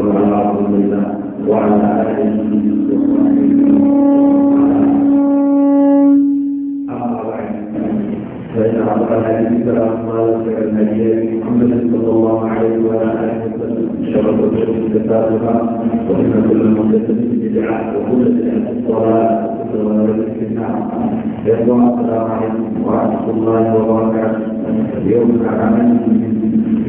والسلام على رسول الله وعلى آله وصحبه أما بعد فإن أصدق الحديث كلام الله وخير الهدي محمد صلى الله عليه وعلى آله وسلم شر الأمور محدثاتها وإن كل محدثة بدعة وكل بدعة ضلالة وكل ضلالة في النار يقول السلام عليكم ورحمة الله وبركاته يوم العمل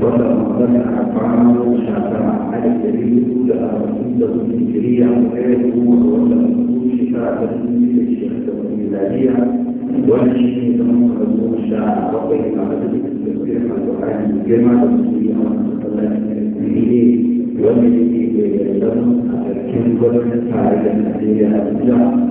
ولا مقتنع أفعاله شافع على الدليل لا رسول الذكرية وآله ولا مسؤول شفاعة للشهادة والميلادية ولا شيء يتمكن شاع وقيل على ذلك التفسير عن القرآن الجمع والمسلمين والمسلمين والمسلمين يعلمون أن الكذب والكفار الذين أبدعوا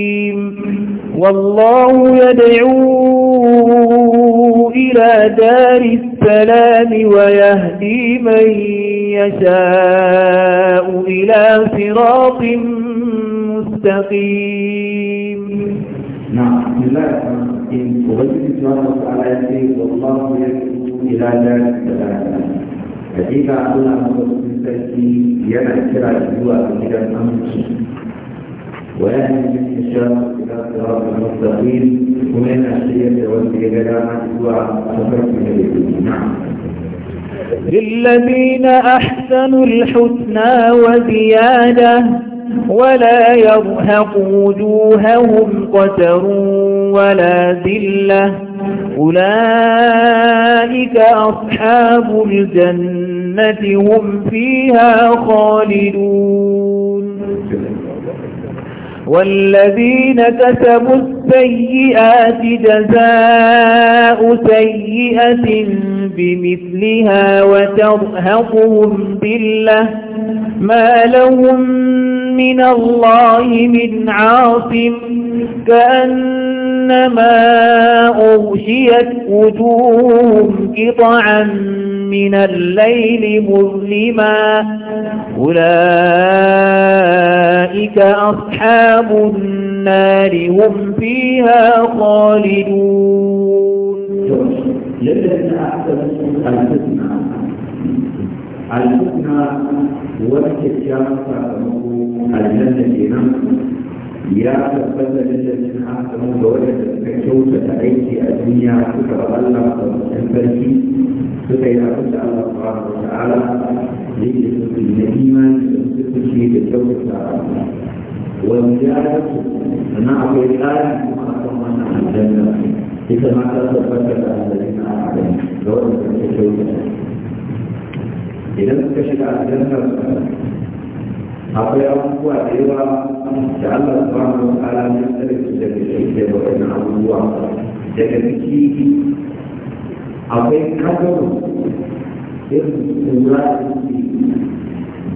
والله يدعو إلى دار السلام ويهدي من يشاء إلى صراط مستقيم نعم بسم الله الرحمن الرحيم وبدل سبحانه وتعالى والله يدعو إلى دار السلام hakika Allah mafi sarki yana kira zuwa gidan aminci وأهل الاستشارة إلى الصراط المستقيم ومن الشيء والإجابة عن نعم للذين أحسنوا الحسنى وزيادة ولا يرهق وجوههم قتر ولا ذلة أولئك أصحاب الجنة هم فيها خالدون والذين كسبوا السيئات جزاء سيئة بمثلها وترهقهم بالله ما لهم من الله من عاصم كأنما أغشيت وجوههم قطعا من الليل مظلما أولئك أصحاب النار هم في فيها خالدون للذين أحسنوا الحسنى الحسنى والكتاب الجنة يا تبت للذين أحسنوا بوجد كوتة أيدي الدنيا كتب الله وسلم يعود الله سبحانه وتعالى ليجلس النعيمة ليجلس الشيء بالجوة wani ya yi su sannan akwai tsari kuma a kan wannan aljanna ita ma ta tabbatar da aljanna a gani ga wani da ke kyauta idan suka shiga aljanna akwai abubuwa da yawa da Allah su ba da ke da ke da wani abubuwa daga ciki akwai kadaro irin kura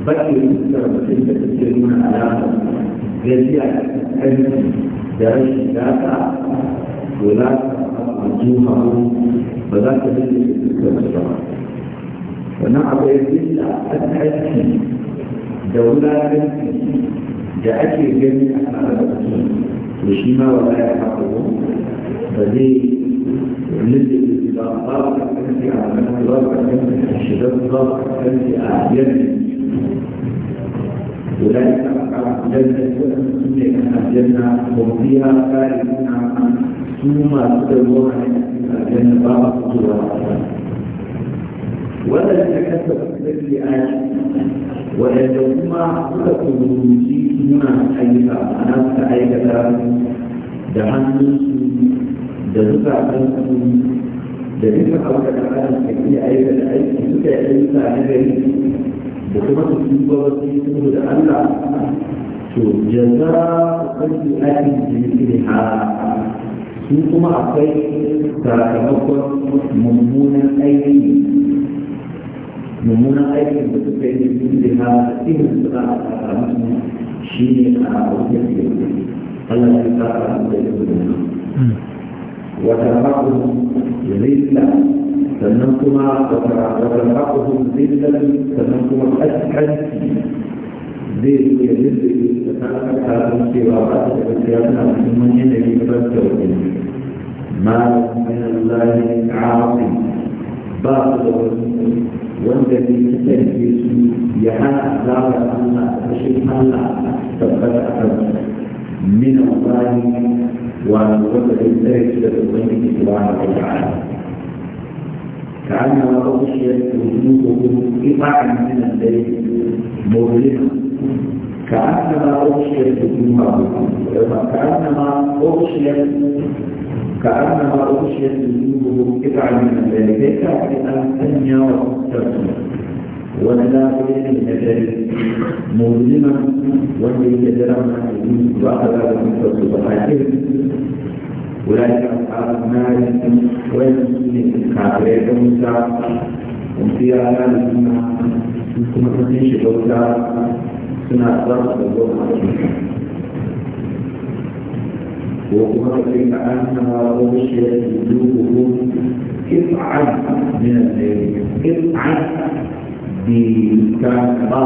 da ke da suka da suke gajiya kai da rashin data to za ka juha ba za ka dinga fuskar su ba wannan akwai billa an aiki da wulatanci da ake gani a tare da mutum to shi ma ba ya haka ba ba zai lulluɓe ba ba ba ka kanci a nan ba ka kanci a shigar ba ka kanci a yanayi أولئك أصحاب الجنة والمسلمون أهل الجنة هم فيها خالدون عما ثم عن الجنة باب الصورة ولا يتكسب بالسيئات ولا يجوما أصدقوا بالوجيه هنا أيضا أنا أستعيك دهنس دهنس دهنس da duka abu da ɗan adam da iya aikata aiki suka yi ayyuka na gari da kuma su tuba ba su da Allah to jaza kashi ake jirgin ha su kuma akwai sakamakon mummunan aiki mummunan aikin da suka yi jirgin ha irin suna a sakamakon shi ne a wajen jirgin Allah ya hmm. sa a wajen jirgin wata faɗin jirgin سلمتما وتلحقهم ذلا سلمتما اسحل ذل ذل تتحقق هذه الصراعات التي من من يدري ما من الله عاصم باطل والذي تلبس يحاء دار الله تشرك الله فقد اخذ من الله وعن وجه الله جل وعلا كأنما أغشيت وجوههم قطعا من الليل مظلمة كأنما أغشيت وجوههم كأنما أغشيت كأنما أغشيت وجوههم قطعا من الليل ليس كأن لم يروا ولا بين الأجل مظلما والذي يتجرى من الدين وأخذ من فضل أولئك أصحاب النار ويمسكون الكافرين موسى وفي على السنة ثم تنشي موسى سنة ضرب الظهر وكما كأنما أغشيت وجوههم قطعا من الليل قطعا بكافة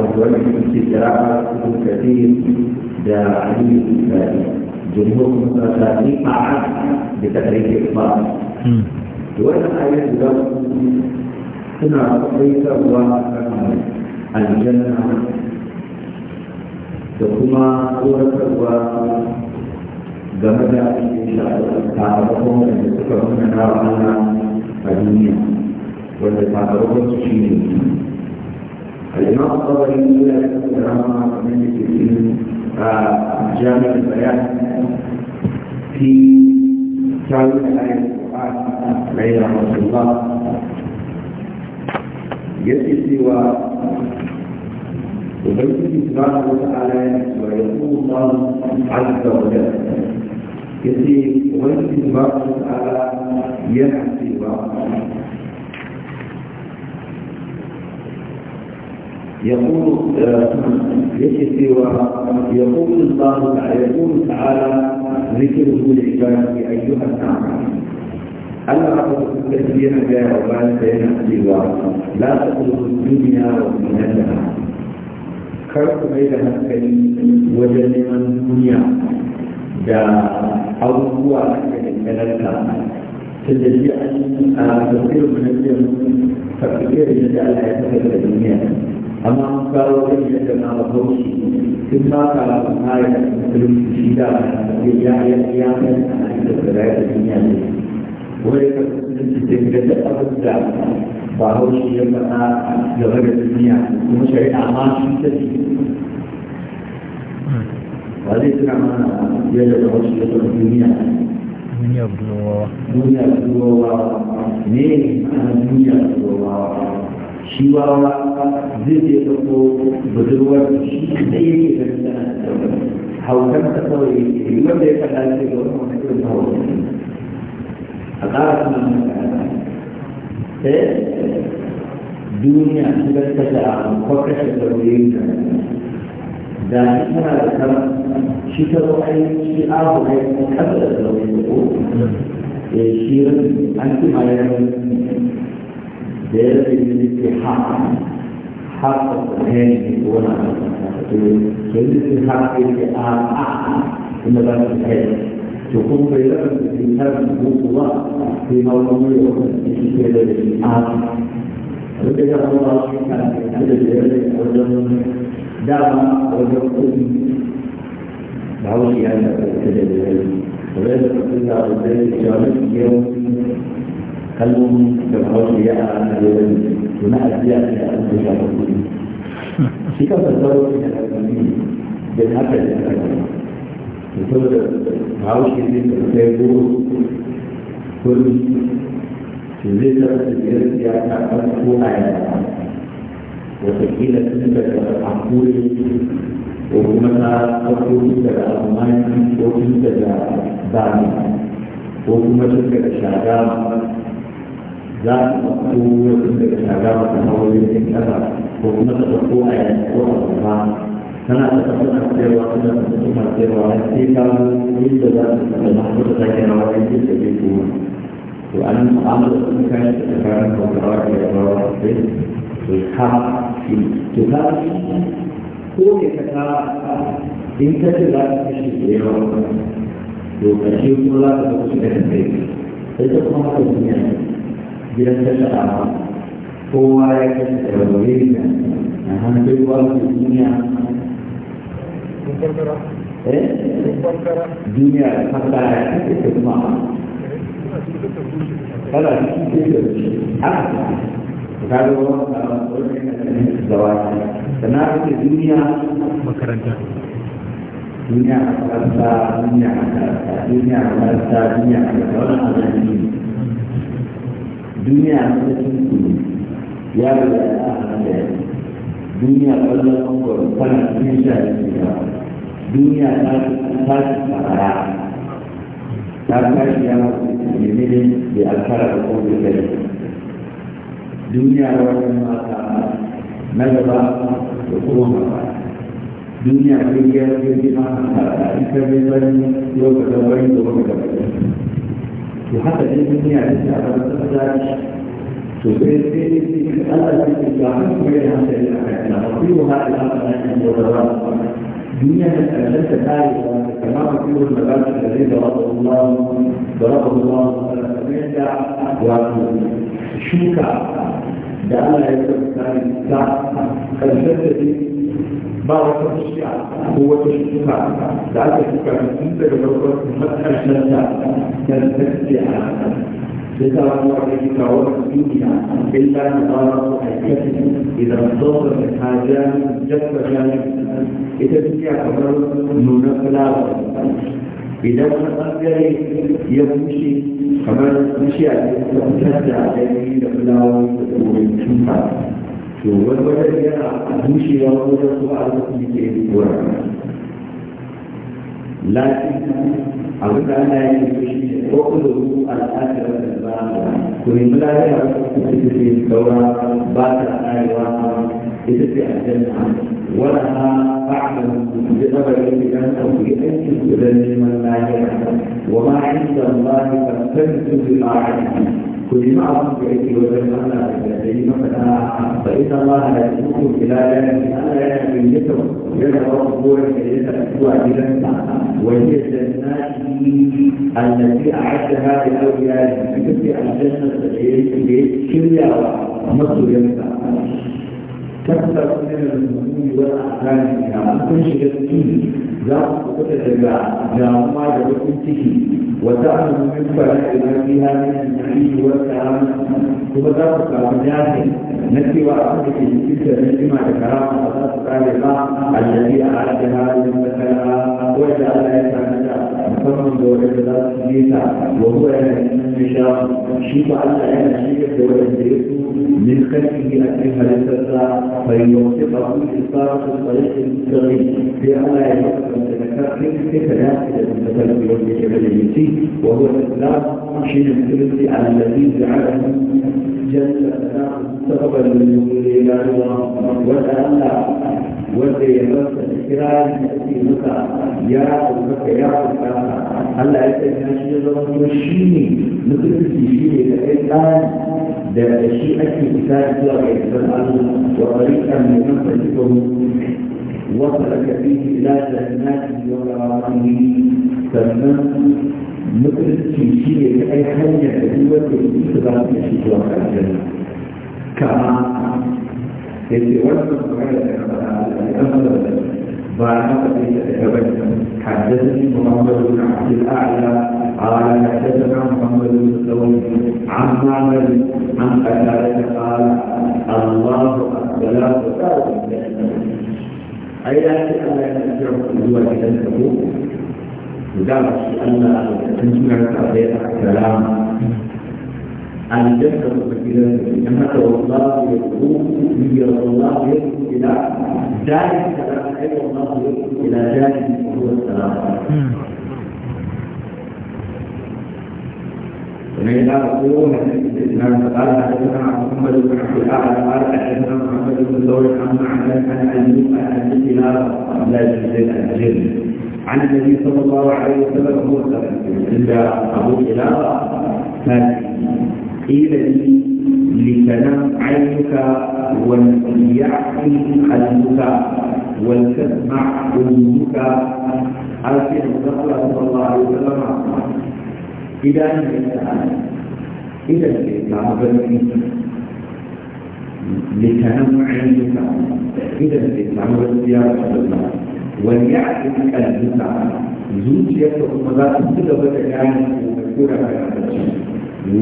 وتوجه استدراك كثير دا علي الإسلامي jadi hukum sunat ini taat kita dari kita. Hmm. Dua saya juga kenal kita buat anjuran Sekuma kuat terbuat gambar dari tidak terkait dengan dunia. Oleh para rukun suci ini. Alimah Allah ini adalah ramah dengan جامع البيان في تاويل آية القرآن عليه رسول الله يجد سوى وبيته سبحانه وتعالى ويقول الله عز وجل يجد وبيته سبحانه وتعالى ينعى يقول يكفر يقول الله تعالى يقول تعالى ذكره لعباده ايها الناس ألا تستثير يا عباد بين سوى لا تطلب الدنيا ومنها كرت بين هكذا وجل من الدنيا دا هو كذلك تجد أن تصير من الدنيا تفكير يجعل حياتك الدنيا amma mun kawo kan yadda na mahaushi duk ma kawo kan haya da musulunci shi da ya ya ya kan ana da tsira da duniya ne wani ka musulunci da ga da abin da bahaushi ya faɗa game da duniya kuma shari'a ma shi ta ce ba zai tuna mana yadda bahaushi ya faɗa duniya duniya budurwa duniya budurwa ne a duniya budurwa shi wawa zai je ɗauko budurwar shi kadai yake ganin tana haukan ta kawai yake wanda ya kalla ce ga wani wani irin haukan a ƙara suna maka eh duniya shigar ta da ko kashe da wuri da shi tana da kama shi ta zo ai shi abu ai kasa da wuri ko eh, shi an ci ma ya لازم يدي حق حق الهاني وانا يدي حق يدي اعلى ان بس الهاني تقوم بلغم في كتاب الله في موضوع في كتاب الإنسان وكذا الله كان هذا الجلد وجم دعوة وجم دعوة يعني كتاب العلم ولذا قلت له ذلك يوم kalmomi da wasu ya a ranar da yau to na ajiya ne da an zuwa da kuɗi shi kan sassaro ne da kalmomi da na haka da kalmomi to saboda bahaushe ne da kai goro kuɗi to zai zama da biyar siyasa a ko a yaya watakila tun daga akure ko kuma ta ɗauko tun da almani ko tun da bani ko kuma tun daga shagama za a ɗauko wasu daga shaga da ƙasa ko kuma ta ɗauko a yanzu ko a kuma tana ta ɗauko a tsayarwa tana ta ɗauko a tsayarwa har sai ka inda za su ɗauko na ko ta sake rawa yanzu da zai kuma to an amma da kayan da tsakanin kwakwawa da yawa sosai to ka shi to ka ko ne ka ta in ka ce za ka kashe da yawa to kashe kuma za ka ɗauko da kai sai ta kuma haka duniya gidan tattara kowa ya kashe daga gare ka na hannun kowa su duniya eh? duniya da fassara ya kashe ta kuma kada su ke da shi haka ta ga wani wani yana da wani sana ake duniya makaranta duniya makaranta duniya makaranta duniya makaranta duniya makaranta wani abu ne duniya a cikin su ya riga ya hana da duniya kallon kongoro kwana cikin sha ya duniya ta ta fara ta tashi ya nemi da alfara da kongoro da duniya wani mata na gaba da kuma mata duniya ta yi yau da ita ne bari yau bari da kuma gaba وحتى إن الدنيا عندنا على الزجاج تبين في الألف في الجاهل بينها سيدنا حياتنا وفيها الأمر أن يتضرر دنيا الأجلة كما تقول المبادئ الذي ضربه الله ضربه الله فلا وشوكا ده الله ba wata mushiya ko wata shuka da aka shuka tun daga farkon matakan da ta tafiya da ta wani wata shuka wata duniya illa na tsara su aikata idan tsohon da ta jami jasa jami ita duniya kamar nuna fulawa idan wani ɓangare ya bushe kamar bishiya ne ta fitar da jami'i da fulawa da tsoron shuka to wani yana bushewa wajen su a lokacin da ke yi lakin abin da ana yi da shi ko ku da ku al'adar da ba ku ne mun da ya ku ci ci saura ba ta arewa ita ce aljanna wala ha ba'da da tabarin da kan ku yi aiki da neman lafiya wa ma inda Allah ka tantu bi ma'arifi كل ما أردت إليك وبين أنا الذين فإن الله لا يكون إلى ذلك أنا من يسر جل وعلا كيف وهي جنات التي أعدها لأوليائه في الجنة التي كل يوم مصر يمسح كثر من الذنوب والاعمال اذا كنت شغلتيه ذاك وقتل جاهما جبتك وتعلم من فلاح ما فيها من النعيم والكرامه ثم ذاك كرامات نفي وعقلك تلك النعمه كرامه الله تعالى الذي اعادها لمثلها وجعل يتمتع فمن دولة ذات وهو يمشى شيء على عين شيء دولة من خلفه أكلها للفترة فيوفقه إصابة الطريق المستقيم في يوصف أن المتكفل في تناسل المتكفل والمتكفل الجنسي وهو الإسلام حين الثلث على الذي جعله جل سبب للوصول إلى الله وتألى وتيمس الإكرام في مكة يا مكة يا مكة ألا يتجنى شيء رضا وشيني مثل الشيء الآن ده الشيء يأتي الله ويتبع عنه وطريقا لمنفذكم وصلك فيه إلى جنات وكرامته فمن مثل شيء أي حاجة تدوة تبقى في توقع الجنة كما يتوقع بعد حدثني محمد بن عبد الاعلى قال حدثنا محمد بن سلمة عن معمر عن قتادة قال الله الصلاة أي لا شيء أن ينفعكم هو كتابه وقال أن تنشر تعطيك السلام أن تذكر كثيرا أنك الله يقول لي الله يقول إلى ذلك السلام أي الله يقول إلى ذلك هو السلام فإذا تقولون إذا قال حدثنا محمد بن عبد الأعلى قال حدثنا محمد بن زوج عن معمر عن أيوب عن أبي كلاب عن لا يجوز عن النبي صلى الله عليه وسلم مرسلا عند أبو قال قيل لي لتنام عينك وليعفي قلبك ولتسمع أذنك على سيدنا صلى الله عليه وسلم إلى أن الإنسان إلى الإسلام لتنوع النساء إلى الإسلام والزيارة الله وليعرف النساء زوجية أمهات تدبر الآن وكورة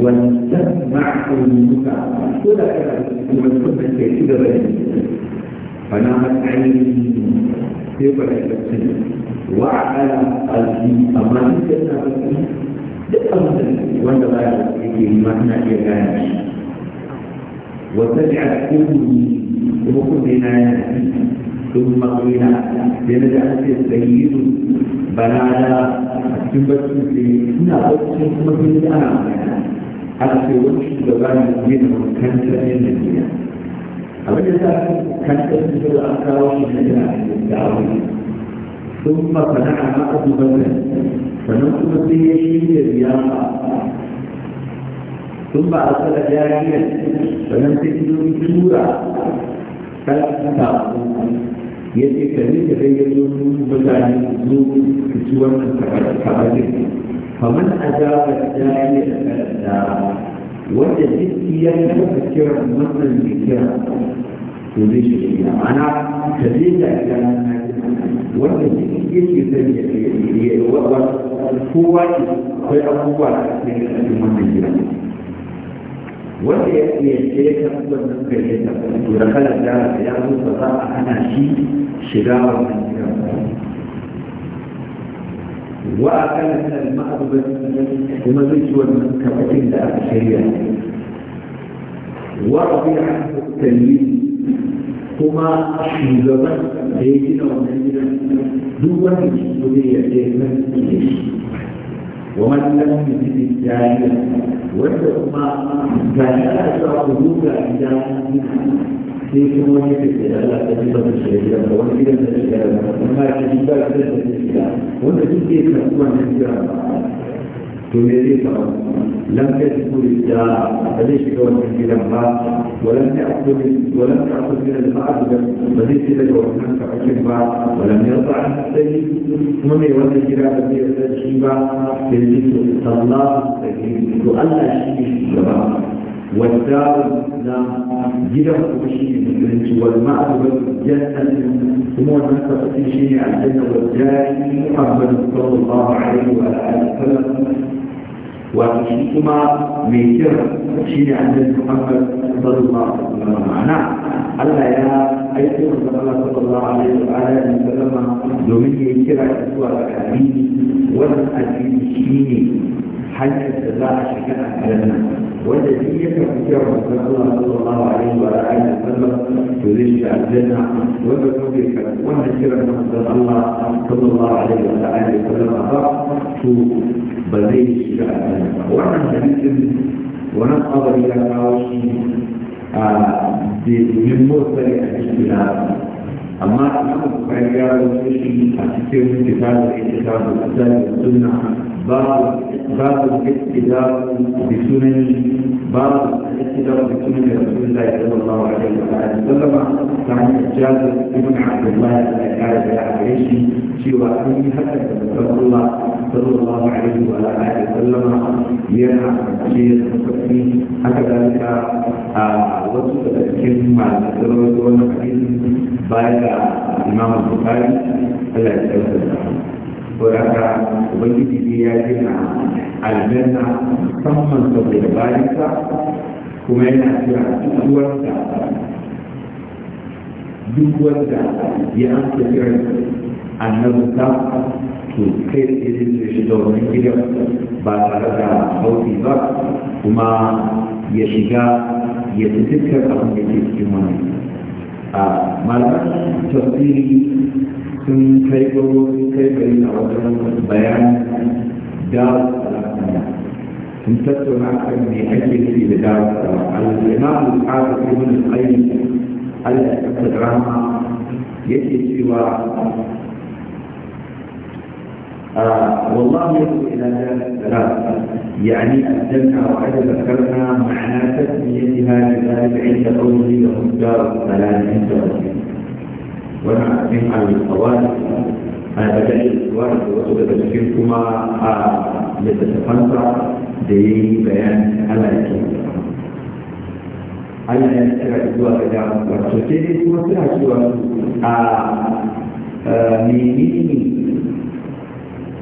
ولتسمع النساء كورة وتسمع تدبر فنامت عيني تبرع وعلى قلبي أمانة duk abinda wanda ba ya yake yi ma ina iya gane shi wata a cikin rubi kuma kun ne na yana ciki sun makwaina da na da ake tsayiru banana a cikin barci ne suna barci kuma sun ji ana mai ake wani shugaba ne da zai zama kanta ne da duniya abin da ta fi kanta ne da a kawo shi na da abu ne sun ma fana a ma'azin barci sannan kuma sai ya shirya liyafa tun ba a tsada jariyar sannan sai ki zo tura kalanta ya ce ka ne ka dai ya zo mutane zo su ci wannan kabarin kamar a jabar jariyar kalanta wanda jiki ya kafa kiran wannan jikira to zai shi ma'ana ka zai da gana wanda jiki yake zai ya yi wabar kowa ne akwai abubuwa da ake yi a cikin wannan gida wanda ya iya ce ya kan wannan kai ya tafi to da kalan jara da ya zo ba za a hana shi shiga wannan gida wa a kan nan ma'abuban kuma zai ci wannan kafin da aka shirya wa a biya hankali kuma shugaban da ya gina wannan gidan duk wani shi so zai yarda ya san shi wanda kuma ga shi ana cewa ku duka idan sai kuma wani ke da Allah ta jiba da shari'a da wani gidan da shari'a da kuma ya ce ba da shari'a wanda duk ke karɓuwan da تميريتها لم تدخل الدار فليش كون في لمها ولم تأخذ ولم تأخذ من المعبد فليس لك وحنا فأكبا ولم يرضى عن السيد من يوضع كلاب في التجيبة تجد الله تؤلى شيء والدار لا جدهم وشيء مثلنج والمعبد جنة ثم نفسه شيء الجنة والجاي محمد صلى الله عليه وآله وسلم wato shi kuma mai kira shi ne annabi Muhammad sallallahu alaihi wasallam ma'ana Allah ya aiki manzon Allah sallallahu alaihi wa alihi wasallam domin ya kira zuwa ga addini wannan addini shi ne hanyar da za a shiga a aljanna wanda shi ya karɓi kyau da Allah sallallahu alaihi wa alihi wa sallam to zai shiga aljanna wanda kuma bai karɓi wannan kiran na manzon Allah sallallahu alaihi wa alihi wa sallam ba to ba zai shiga aljanna ba wannan hadisin wannan qadari ya kawo shi a da yin mursali a cikin أما الإمام البخاري يا رسول أتكلم كتاب الكتاب الكتاب والسنة باب بسنن باب الاقتداء بسنن رسول الله صلى الله عليه وسلم كان جابر بن عبد الله الأنصاري العريشي سوى أن حتى رسول الله صلى الله عليه وعلى آله وسلم ينعى شيء حتى ذلك وصف الأحكام baya ga imam al-bukhari Allah ya tsaya da ko da haka ubangiji ya gina aljanna musamman saboda bayansa kuma yana kira uwarsa duk wanda ya amsa kiran annabi ta to kai da izin da shiga wani gidan ba tare da hauki ba kuma ya shiga ya fi dukkan abin da ke cikin wani a malaman tafsiri sun kai gwaro sun kai gari a wajen bayan dawo salatana sun tattauna kan me ake nufi da dawo salatana al-imam al-qasim ibn al Allah ya kafa drama yake cewa آه، والله يدعو إلى ذلك ثلاثة يعني الجنة وعدم ذكرنا معنى تسميتها لذلك عند قوله لهم دار السلام عند ونعم وما من القواعد بدأ القواعد وتبدأ تفكيركما يتتفنطع آه، ببيان على أنا Allah ya kira zuwa ga dama wato sai dai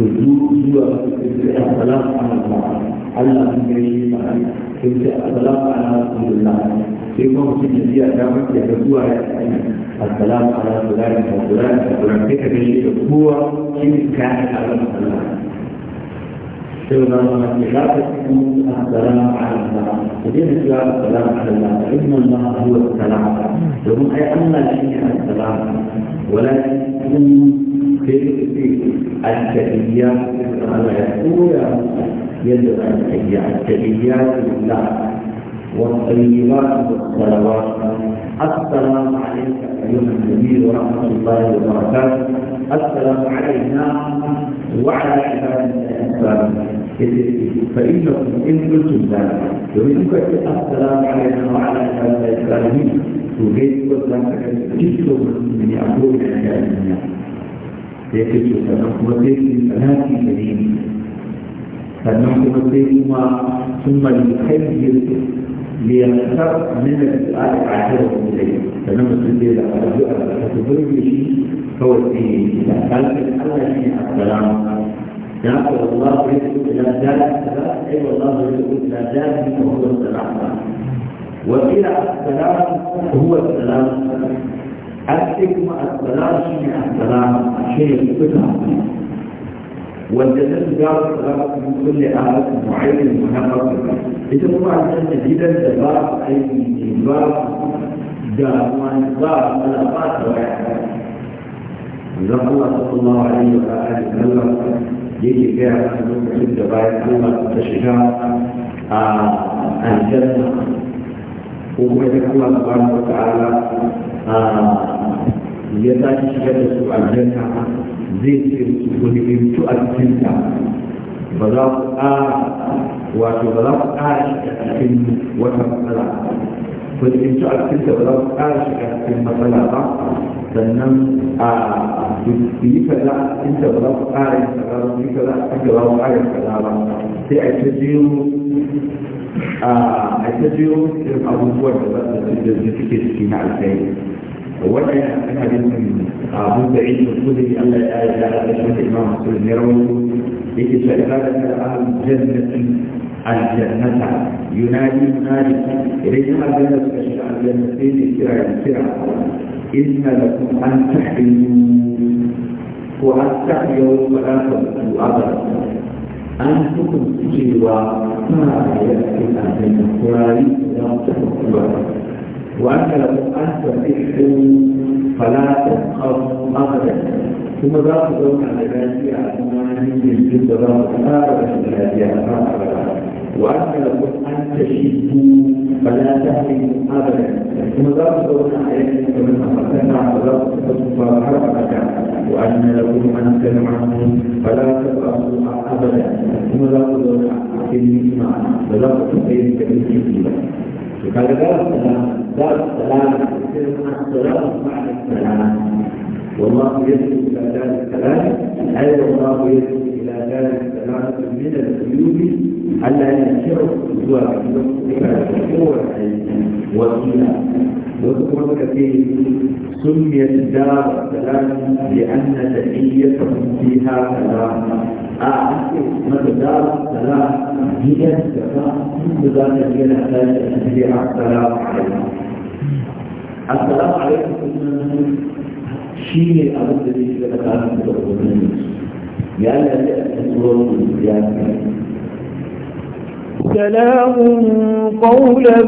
zuwa assalamu alaikum Allah sun gani ba sun ce assalamu alaikum Allah sai kuma mutum ya biya ta mace ya zuwa ya tsaya assalamu alaikum Allah da kura da kura sai ka gani da kowa shi ne kayan Allah Allah sai ba ma ke za ka cikin assalamu alaikum Allah ku daina cewa assalamu alaikum Allah inna Allah huwa assalam domin ai Allah shi ne assalam walakin يكون في التحيات الأولى يجب أن تحيا التحيات لله والطيبات والصلوات السلام عليك أيها النبي ورحمة الله وبركاته السلام علينا وعلى عباد الإسلام فإنكم إن قلتم ذلك ومنكم السلام عليكم وعلى سلام الإسلامين وجيت وذلك من يعقوب إلى الدنيا يجب تنقم الدين الدين ثم يخير ليختار من السؤال عشرة إليه فلما تدير على الدعاء فتدرج هو الدين فقال الله السلام نعم والله يسلك إلى ذلك أي والله يسلك إلى ذلك وهو السلام وقيل السلام هو السلام الحكمة السلام شيء السلام شيء الفتح والجسد جار السلام من كل آلة معين منقص إذا هو الجسد جدا جبار أي جبار جار وانجبار ملفات وعيات الله صلى الله عليه وآله وسلم yake gaya masa lokacin da bayan Allah ta shiga a aljanna ko kuma da Allah subhanahu wa ta'ala ya tashi shigar da su aljanna zai ce ku hidimtu aljanna ba za ku ƙara wato ba za ku ƙara shiga cikin wata matsala ku hidimtu aljanna ba za ku ƙara shiga cikin matsala ba sannan a yi kaza inda ba za ku ƙara yin kaza ba yi kaza inda ba ku ƙara yin kaza ba sai a ta jiro a ta jiro irin abubuwan da za su suke na alkhairi wannan yana ana yin abu da Allah ya yi da ya shi imam yake da الجنة ينادي منادي إليها الجنة تشفع الجنتين سرع سرع إن لكم أن تحبوا وأن تحيوا فلا تبقوا أبدا أنتم تجيوا ما يأتي الجنة قراري لا تبقوا وأن لكم أن تحبوا فلا تبقوا أبدا ثم ذاك ذوق على ذاتي على ثمانين بالجد ذاك ثارة الذي أفعل وأنا لكم أن تشهدوا فلا تهموا أبدا ثم ذاك دون عليكم فمن أخذنا فلا تكفوا أبدا وأن لكم أن تنعموا فلا تبأسوا أبدا ثم ذاك دون عليكم فلا تكفوا أبدا فقال دار السلام دار السلام السلام بعد السلام والله يدعو إلى دار السلام أي والله يدعو ذلك ثلاثة من الجيوب ألا ينشعر الزواج قوة وسيلة وذكر كثير سميت دار السلام لأن تحيتهم فيها سلام أعطي آه، دار السلام هي السلام بذات الجنة لا تشبيع السلام عليكم السلام عليكم شيء أبدا ليس لك أن تقول سلام قولا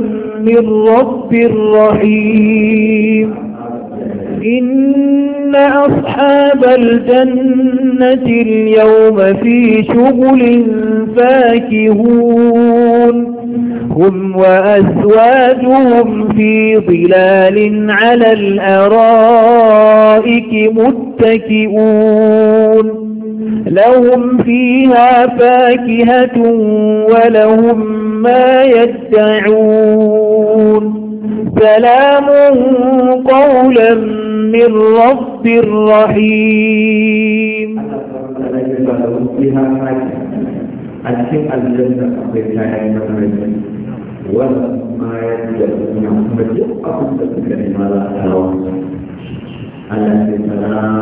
من رب رحيم إن أصحاب الجنة اليوم في شغل فاكهون هم وأزواجهم في ظلال على الأرائك متكئون لهم فيها فاكهة ولهم ما يدعون سلام قولا من رب رحيم أتم الجنة أخذتها ولما يدعون أخذتك لما لا ترون التي سلام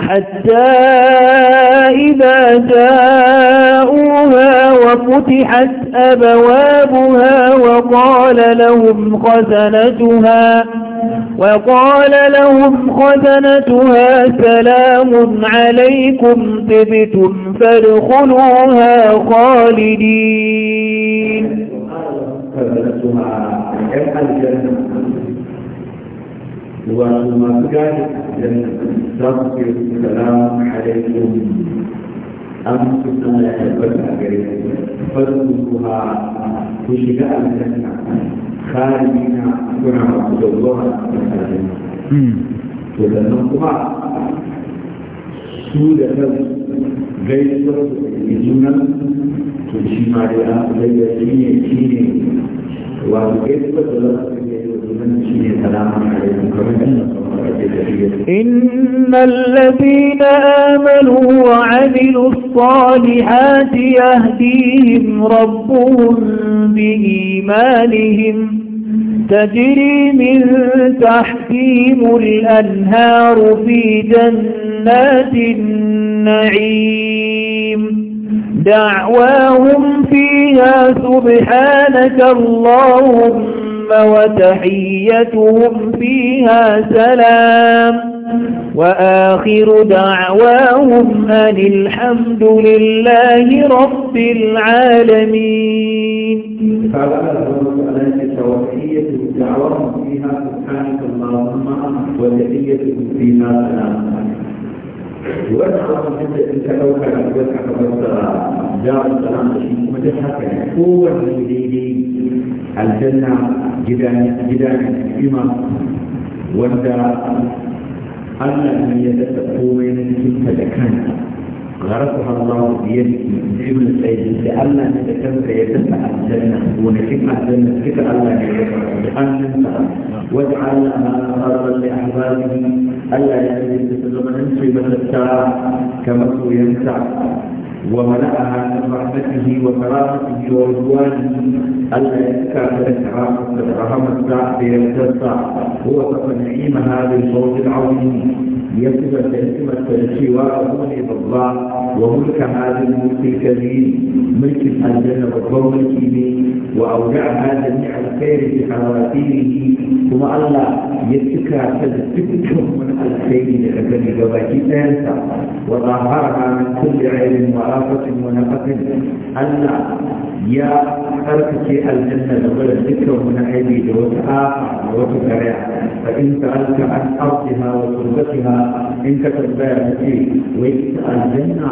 حتى إذا جاءوها وفتحت أبوابها وقال لهم خزنتها وقال لهم خزنتها سلام عليكم تبتم فادخلوها خالدين وما ما كان تذكر السلام عليكم أنفسنا يتبتع عليكم فاذكروها وشجاء الجنة خارجين كنا عبد الله وذنبها سورة غير سورة الجنة تشمع لها غير شيء شيء وغير سورة إن الذين آمنوا وعملوا الصالحات يهديهم ربهم بإيمانهم تجري من تحكيم الأنهار في جنات النعيم دعواهم فيها سبحانك اللهم وتحيتهم فيها سلام وآخر دعواهم أن الحمد لله رب العالمين دعواهم فيها سبحانك اللهم وتحيتهم فيها سلام أنت أنت أوكل أن تبقى قبل السلام دار السلام تشيك مدحك الجنة جدان جدان wanda وانت ألا ya daɗa في na غرسها الله بيدك ابن السيد لألا نتكلم في الجنة ونتم الجنة كتب الله بأننا واجعل أرضا لأحبابه ألا يجب أن تسلم الساعة كما هو ينسى وملأها من رحمته وكرامته ورضوانه ألا يزكى فتترحم الساعة فيتسع هو فقد نعيم هذا الفوز العظيم يصف الكلمة الشواء غنب الله وملك هذا الملك الكريم ملك الجنة والقوم الكريم وأودع هذا جميع الخير في حوافره kuma Allah ya cika ta da dukkan wani alkhairi da ka gani ga baki ɗayansa wa zahara min kulli aibin wa afatin wa naqatin Allah ya تركتي الجنة لغير ذكر من عيدي دوتها وتفرع فإن سألت عن أرضها وتربتها إن كتبت بيتي ويكت الجنة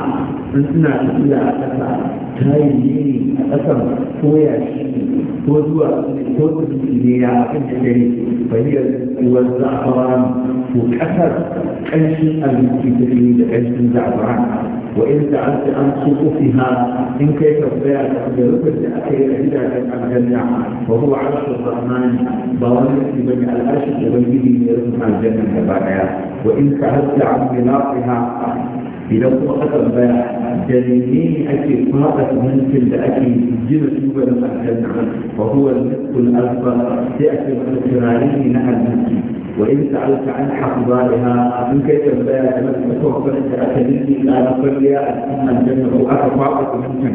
أنتنا كلا أتفا تايجيني أتفا فوياش فوزوا فوز إليا أجلي فهي والزعفران وكثر أجل أبيتي تريد أجل زعفران وإن سألت عن صفوفها إن كيف بيان بركز أخير هداية الجنة وهو عرش الرحمن بوابة بني العرش وبنيه يرفع الجنة كبارها وإن سألت عن بناقها إذا وقت بيان جنيني أكي فاقة منزل لأكي جنة يوبل الجنة وهو المسك الأكبر تأتي من الكرارين المسك وإن سألت عن حفظائها من كيف البيع لم تكفر أنت أتنيني إلى نصريا أن الجنة أتفاقك منك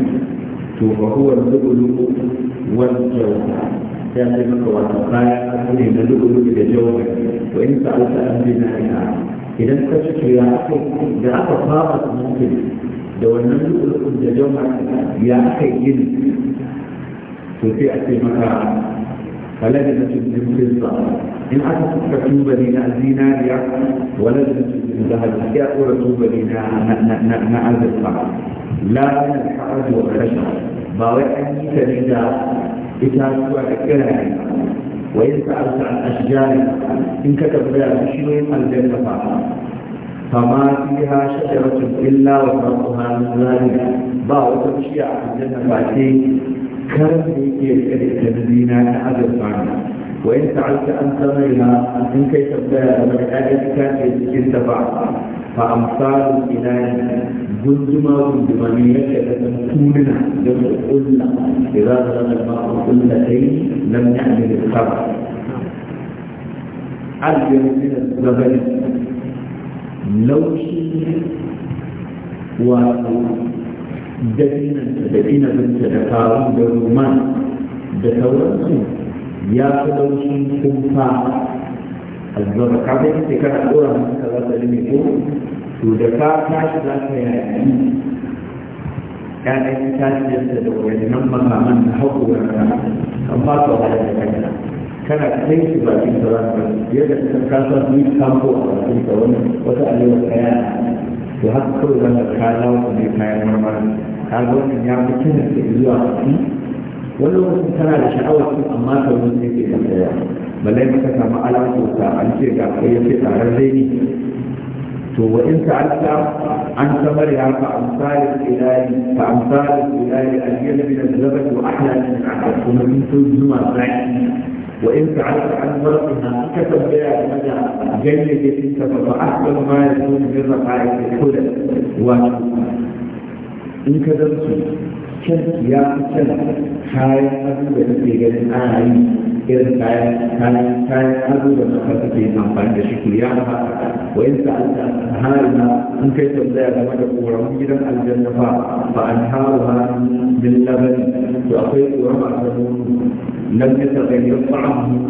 فهو اللؤلؤ والجوهر كان لك وتقايا أهلي من اللؤلؤ والجوهر وإن سألت عن بنائها إذا كشف يا أخي إذا أتفاقك منك لو أن اللؤلؤ والجوهر يا أخي إن ففي أتي مكان فلزمت ابن الفضة إن عكست فتوب لنا الدينارية ولزمت ابن ذهب يا أرتوبة لنا نعز الصعب لا من الحرج والخشب باوعي تريد إتاسوا كرهي وإن سألت عن أشجار إن كتب لها بشيء الجنة فما فيها شجرة إلا وفرقها من ذلك باوعي الشيعة في الجنة فاتين كرم الذين أعرف عنه وإن سعدت أن تغيرها إن كيف بدأت كانت انتفعت فأمثال الإله جندما جندمانية تكوننا لم قلنا إذا غلب الماء قلتين لم يعمل الخبر عدل من الزبن لو شيء da dinanta da inabinta da faru da roman da sauransu ya fi laushin kumfa albarka kafin sai kana ɗora maka za ta limi ko to da ka tashi za ka yaƙi ƴaƴan itaciyarsa da wayannan makaman da haƙorarka kan ba ka wahala da kanka kana kai shi bakin sauranka yadda ka kasa su yi kanko a bakin sauranka wata alewa kaya to haka kawai zan ka kawo ne kayan marmarin kaga wannan ya fi cin da zuwa kuɗi wani lokacin tana da sha'awar su amma ka wani ne ke da yawa balai maka samu alaƙota an ce ga kai yake tsarar zai ne to wa in ta'alla an samar ya fa amsal ilahi fa amsal ilahi al-yad min al-zabat wa ahla min al-ahad kuma min tuzuma zai wa in ta'alla an marqiha kasab ya mada jannati tinka fa ahsan ma yakun min raqa'i al-huda wa in ka zan su kyan ya fi kyan kayan abu da ke ganin ana yi irin kayan kayan kayan abu da suka suke amfani da shi ku ya ba wa yin an hari na in kai zai zama da koran gidan aljanna ba ba an haru ha min labari to akwai koran a sabu lam yataghayyar ta'amu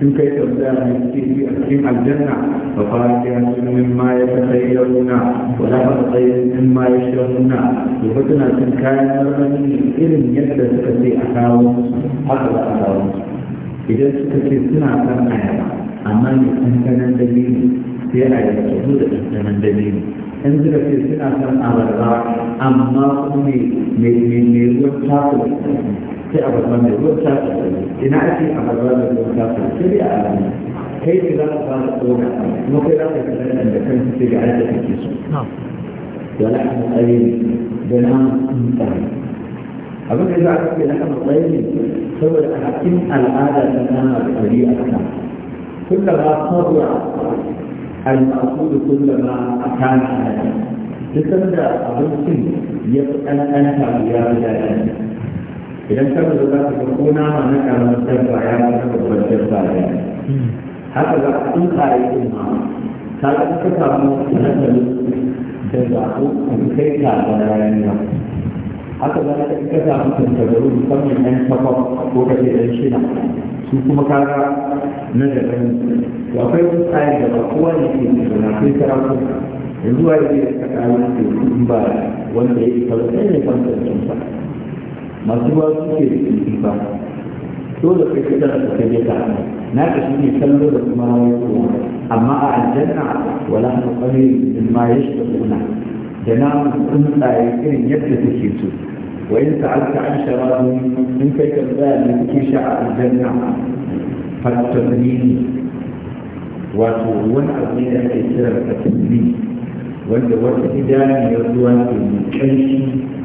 in kai tambaya ne ke a cikin aljanna fa fatiha sun min ma ya tsayyaruna wa la tsayyar min ma ya shiruna to fa tana cin kayan marmari irin yadda suka ce a kawo haka za a kawo idan suka ce suna kan ayaba amma ne kankanan dalili sai a yi tsoro da kankanan dalili in suka ce suna kan abarba amma kuma mai ruwan tafi sai a barban da ruwan ta ina ake a barban da ruwan ta sai a alamu kai ne za ka fara tsoka kuma kai za ka kalla nan da kanka sai ga aiki kake so wala an tsaye da nan tsaye abin da za ka ce na kan tsaye ne saboda a cikin al'ada ta kana da ɗari a kan kullama sarwa al-ma'qul kullama kana duk da abincin ya fi ɗanɗanta ya fi daɗi idan ka zo za ka ga ko nama na karamin dabba ya fi na babban dabba ne haka za ka sun kare su ma ka ga ka samu nasarin da za ku kai ka ga ranar nan haka za ka ka samu tantabaru musamman yan takwas ko ka ce yan shida su kuma ga na daban to kai wani tsari da ba kowa ne ke da na kai sarakuna yanzu wa yi da ka kawo ba wanda ya yi ba sai ne kwantar da masu ruwa suke da kifi ba dole kai ka da ka kai ta na ka shi ne kallo da kuma rayuwa amma a aljanna wala an qari min ma yashkuruna da namu tsuntsaye irin yadda suke so wa in ta'alta an sharabu in kai ka tsaya ne kike sha a aljanna fatabini wato wani abu ne da ake kira da wanda wata idaniyar ruwa ke mai ƙanshi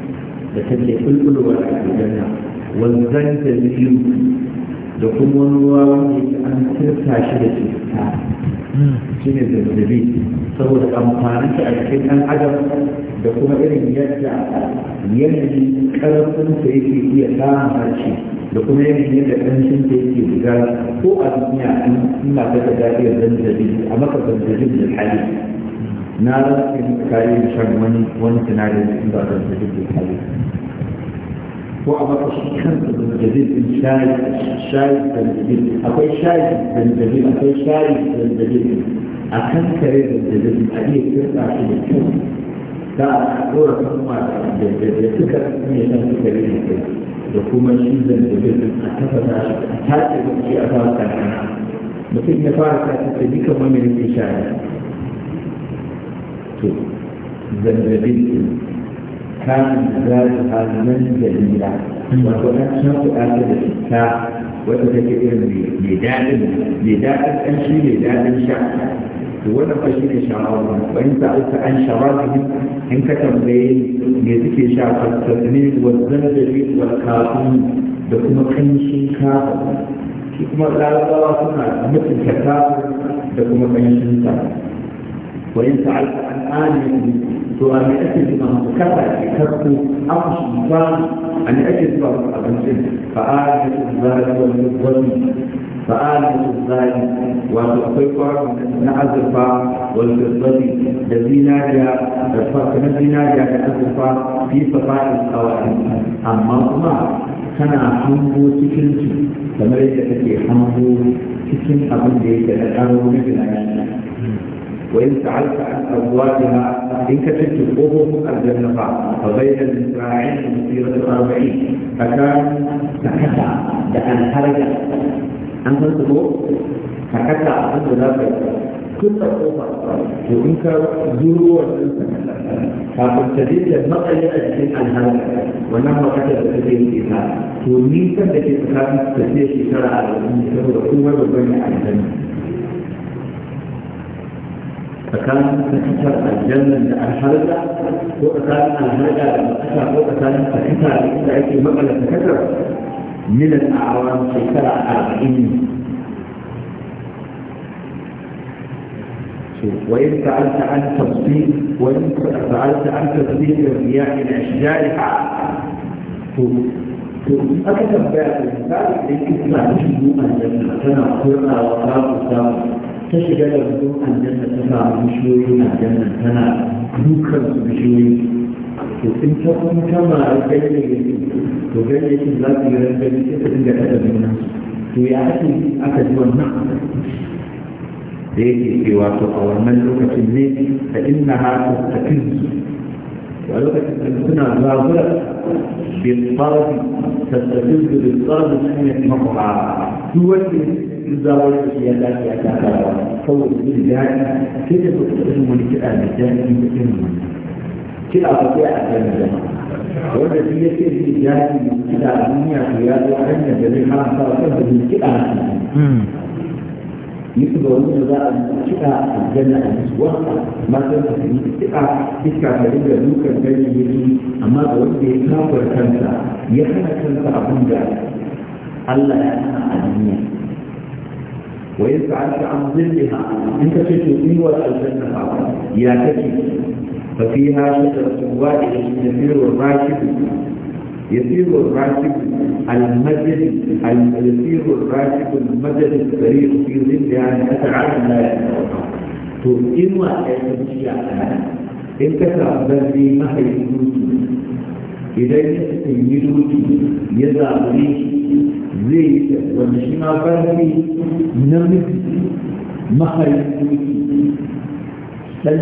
da ta ke take ba a aljanna wanzan da biyu da kuma ruwa wanda an sirta shi da cuta shi ne zazzabi saboda amfani shi a cikin ɗan adam da kuma irin yadda yanayin ƙarfinsa yake iya samun harshe da kuma yanayin yadda ƙanshinsa yake buga ko a duniya in ina ta da daɗiyar zanzabi a maka zanzabin da hali na rantsa da kayi da shan wani wani tunanin cikin ba da su duk kayi ko a maka shi kansa da jadid din shayi shayi da jadid akwai shayi da jadid akwai shayi da jadid a kan kare da jadid a iya kirka shi da kyau da a ɗora kuma da jadid suka ne san suka yi da kyau da kuma shi da jadid a tafasa shi a tace da shi a fara kankana mutum ya fara kace duka wani rikin shayi زنجبيل كان ذاتها من جميلة وكان شرط آخر الشتاء وتتكئر لداء لداء أنشي لداء شعر وانا فشين إن شاء الله وإن سألت عن شرابهم إن كتب لي يذكي شعر التسليم والزنجبيل والكافون بكم قنشي كافون kuma larabawa suna mutunta kafin da kuma ƙanshin sa وإن سألت عن آله سؤال أجد ما كفى كفه أو شيطان أن أجد بعض الأبنسل فآله الظالم والمظلم فآله الظالم والأطفاء من الأزرفاء والفضل الذين جاء الذين جاء الأزرفاء في صفاء القوائم أما الله كان حمو سكنتي kamar yadda kake hango cikin abin da yake da karo na gilashi وإن سألت عن أبوابها إن كتبت قبوب الجنة فبين الإسرائيل مسيرة أربعين فكان سكتا لأن خرج أنت تقول سكتا أنت ذاك كل قوة وإنك زروا فابتديت المقل أجل الهلك ونحو كتب تدين الإسلام وميكا التي تخاف تدين الشرع على الإنسان وقوة وبين الجنة فكان تكتر الجنة الحلقة وكان الحلقة أشعر وكان تكتر لأيك المقلة تكتر من الأعوام شكرا أربعين وإن فعلت عن تبصير وإن فعلت عن تبصير الرياح من أشجارها أكتب بعد ذلك إن كنت تعيش دون أن يكون قرنا وقرار ta shiga da rukun aljanna tana bishiyoyin aljanna tana dukkan su bishiyoyi to sun ta kun kama ganyayyakin to ganyayyakin za su yi rangani sai ta dinga ɗaɗa nuna to ya ake aka ji wannan da yake cewa to a wannan lokacin ne ta inna ha ta tafi a lokacin da suna zagura bin tsarfi ta tafi bin tsarfi sun yi makwara duk wanda duk zawar da ya dace ya taka rawa saboda jin daɗi sai da suka irin wani kiɗa da daɗi da irin wani kiɗa ba sai a kan Da wanda shi ya ce jin daɗi kiɗa a duniya to ya zo hanyar da zai haramta wa kansa jin kiɗa a hmm. yake da wani za a kiɗa a janna a musu wata matan da su yi kiɗa iska ta dinga dukan ya ganyayyaki amma da wanda ya kafar kansa ya hana kansa abin da Allah ya hana a duniya ويسألك عن ظلها انت تشتكي ولا الجنة يا تشي ففيها شجرة واحده يسير الراكب يسير الراكب المجد يسير الراكب المجد السريع في ظلها يتعلم لا يتوقع تو إما أن تمشي على إن كتب ذنبي idan ya yi duki ya zaɓi zai yi wanda shi ma ƙarfi na miki maharin doki ɗan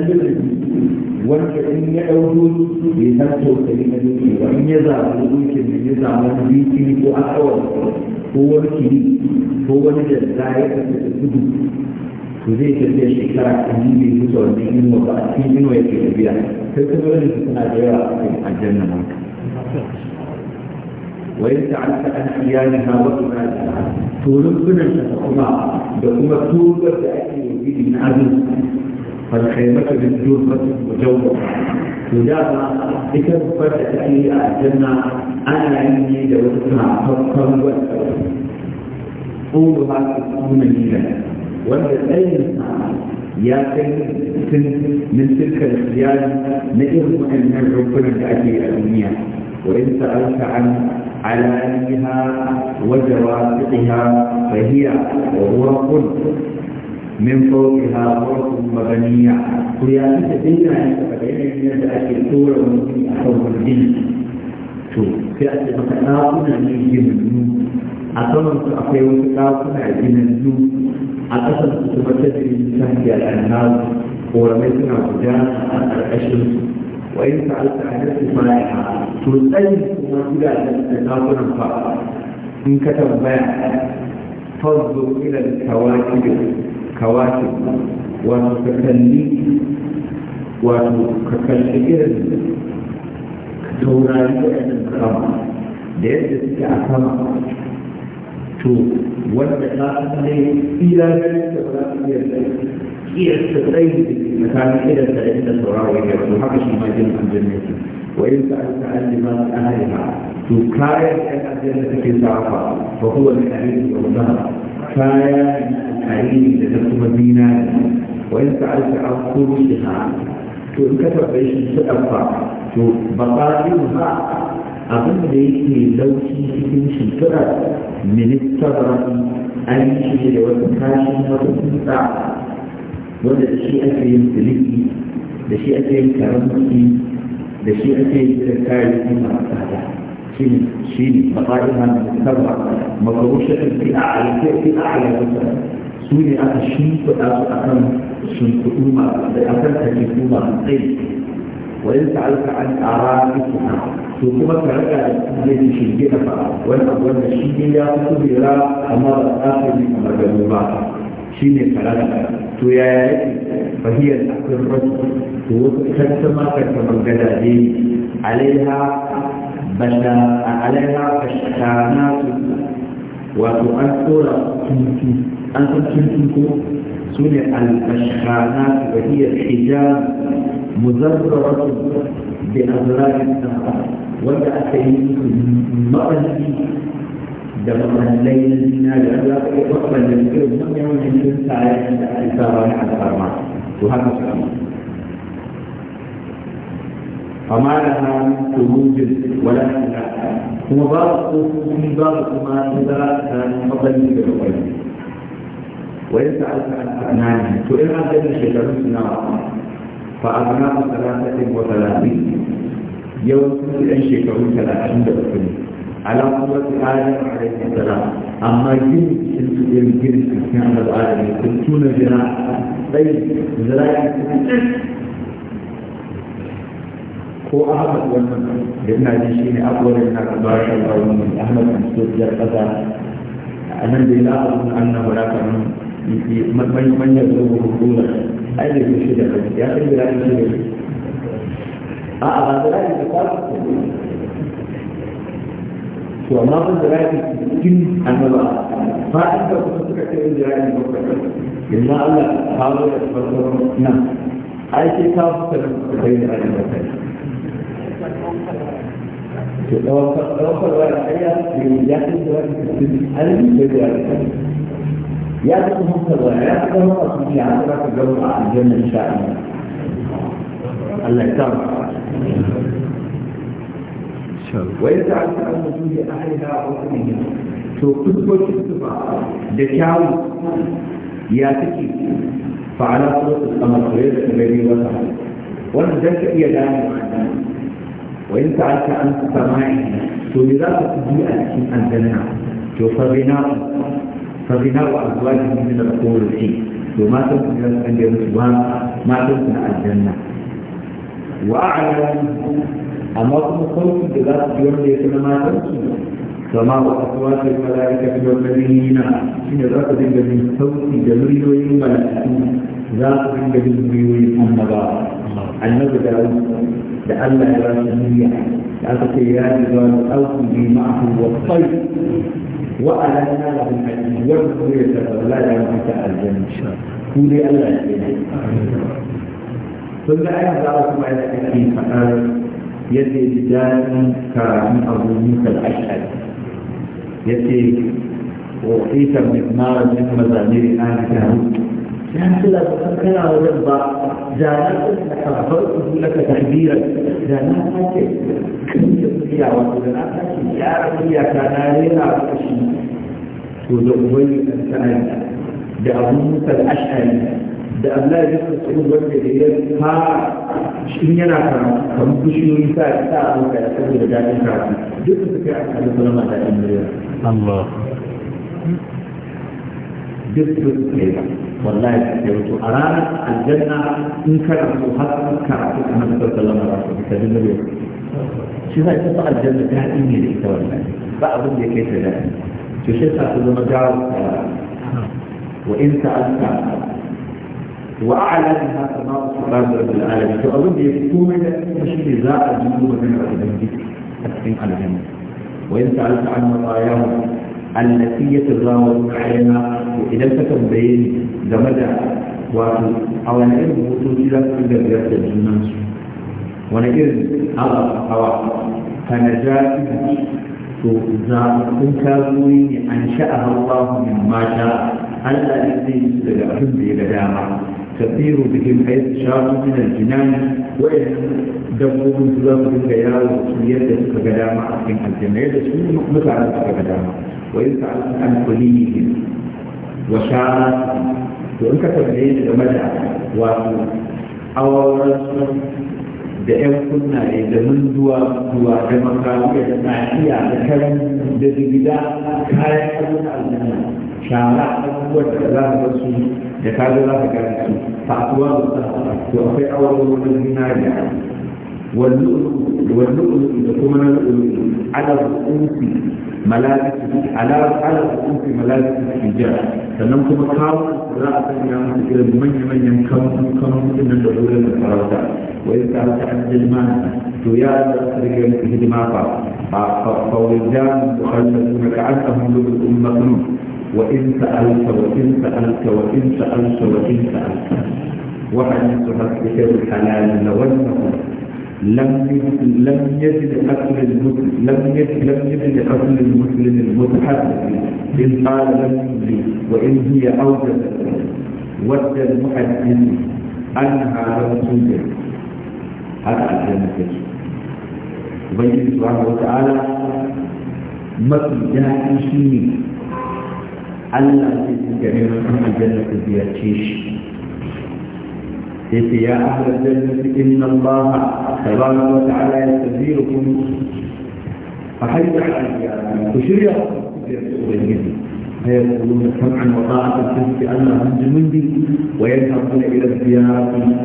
wanda in ya ɗau doki bai san tausayi na duki ba in ya zaɓi duki da ya zaɓi duki biki ko akawar ko wani kiri ko wani da zai ta gudu to zai tafiya shekara a jibi zuwa wannan inuwa ba a cikin inuwa yake tafiya sai kuma wani suna da yawa a cikin aljanna maka ويسألك عن حيانها وإماتها تولدنا شفقما لكما توبة تأتي وفيه من عزيز فالخيمة بالجوفة وجوه وجابة إكبة تأتي الجنة أنا عندي دوتها فقط وقت قولها تكون لنا والذين يا سيد من تلك الخيال نئر من الركن تأتي الدنيا وإن سألت عن علانيها وجواسطها فهي غرق من فوقها غرف مبنية ويأتي تدينا أن تبين من ذلك الصورة من أحوال الجن to sai a ce maka ɗakuna ne ginannu a saman su akwai wasu ɗakuna ginannu a ƙasar su kuma ta jirin sashi a ɗan suna gudana a ƙarƙashin wa in sa'alta annabi maya to kuma gidajen da dakunan fa in ka tambaya fazzo ila wato ka kalli wato ka kalli irin taurari da yadda suke a sama to wanda ta ila da ba za su iya iya tsayi tsakanin idan da inda sauraro ya to haka shi ma jin aljanna yake wa in ka alka alima ahliha to kayan da aljanna take safa fa huwa min ahlihi wa sahaba kaya alkarini da ta kuma dinari wa in ka alka alkurushiha to in ka tabbai shi su dafa to baqaluha abin da yake lauci cikin shimfiɗar ministan aiki da wata kashin wata tsuntsa wanda da shi ake yin siliki da shi ake yin karamci da shi ake yin kayayyaki masu tsada shi ne shi ne mafaɗina da sarwa mafarushin fi a alaƙa fi a alaƙa su ne aka shimfiɗa su a kan shimfiɗu masu da a kan tafiku kuma tsayi wa yin ta'alka an ƙara ikina to kuma ka rika zai ci shirge da fara wani abu wanda shi ya fi kubera amma ba za su yi kamar gano ba shi ne karara to ya yi fahiyar akwai rasu to wasu kanta makar kamar gadaje alaiha a alaiha bashana wato an tsora tuntu an san tuntu ko su ne albashana fahiyar hijab muzarraratu bi azrarin wanda aka yi maɓanci da wannan laifin zina da za ka iya wannan da ke manyan wajen cikin tsaye da aisa wani alfarma to haka su kama amma da hannun turujin wadda su ka kuma ba su ko su kuma su za su ta mabalin da kwallo wani sa alka alfarna ne to ina gani shekaru suna ba a zama masarar sa ne wa talatin yau sun yi shekaru talatin da uku على قوة آدم عليه السلام أما جن سنت دين جن سنتين على العالم سنتون جناح طيب زراعي ko ahmad wannan da ina ji shine abuwar yana da shan da wannan ahmad mansur jar kaza a nan da ila abun annahu la kan man man ya zo ai da shi da ya kai da shi a a da shi da kwasu to amma ban da rafi cikin annaba ba a da kuma suka kai da rafi ba yanzu Allah ta zo da farko nan ai sai ka fuka da kai da rafi ba to daukar daukar wa ayya ya ce da rafi cikin alimi da rafi ya ta kuma kaza ya ta kuma kasu ya ta ka gaba a aljanna insha Allah Allah ya tsara shan ruwa ya ta ake an mutu da a haifa a wasu ne to fuskocin sufa da kyawu ya take fa'ala sosu a masoyi da kuma yi wata wanda zai ka iya gane wa in ta ake an sufa mai to ne za ka fi a cikin an to fabina wa abuwa da yi na kowace to matan su yi an ganyar su ba su na aljanna wa a أما كنت خلق بذات اليوم ليسنا ما ترسل وما وقفوات الملائكة والمدينين إن ركض بذي الصوت جميل ويمال ذات من جميل ويمال النبا النبا داود لأن الله لا تنبيع لأن سيئان جوان أوكي بمعه والطيب وألا نالهم أن يوجدوا يتفر لا يوم أتاء الجنة كولي ألا يوجدوا ثم أيضا ركض على يتي ابتداء كرامي اظلمي كالاشهد يتي وحيث من اثمار من مزامير الان كهود كان يعني كلا بسكنا ويبا زانات الحرفات تقول لك تحذيرا زانات حكي يا رب يا كان علينا بشيء وذوقوا لي انسان بأظلمك الاشهد da Allah ya ji tsoron wanda ya yi fara in yana karatu kamar bishiyoyi sa ya sa a maka ya saboda daɗin karatu duk da suka yi a kalin zama daɗin murya Allah duk da suka yi wallahi suka yi to a ranar aljanna in kana so har karatu a nan sallama za su fita duk murya shi za ta sa aljanna daɗi ne da ita wallahi ba abin da ya kai ta daɗi to shi sa su zama gawo wa in ta'alta واعلى منها تناقص الرب رب العالمين فاظن يكتوم مشي ذا الجنوب من ربنا تقسيم على الجنه وان سالت عن مطاياهم التي يتزاوج علينا واذا التكم بين زمدة جمد او العلم وصول الى كل قدر وأن ونجد أرى أرى فنجاة إن كانوا أنشأها الله مما شاء ألا يزيد لأحب إلى دامه تسير بهم حيث شاء من الجنان وإن دبوا من سلام الخيال وسيادة فقدامة أحكم الجنة يدسون مثلا فقدامة وإن سألت عن كليهم وشاء وإن كتبين لمدى وأورث da 'yan kunnaye da munduwa zuwa da makamu da tsakiya da karin da digida kayan abin aljanna shara abubuwan da za su da ta zo za ka gani su da ta to akwai awon wani zinariya واللؤلؤ ثم اللؤلؤ على رؤوس ملابس ala على رؤوس ملابس jira, sannan kuma kawo za a san masa irin manya-manyan kamfan nan da dole da sarauta wa ta sarauta an jilma to ya da su rike ba ba fa fa wajen da da suna ka an samu lokacin وإن سألت وإن سألت وإن سألت وإن سألت وحديث حسبك الحلال لو لم لم يجد أكل المسلم لم يجد لم يجد أكل المسلم المتحدث إن قال لم يجد وإن هي أوجدت ود المحدث أنها لم توجد هذا الجنة يبين سبحانه وتعالى مثل في شيء هل أنت الجميل من الجنة بيأتيش كيف يا أهل الجنة إن الله تبارك وتعالى يستذيركم فحيث الجنة وشريا وشريا فيقولون سمعا وطاعة الشرك أنهم جمندي ويذهبون إلى الزيارة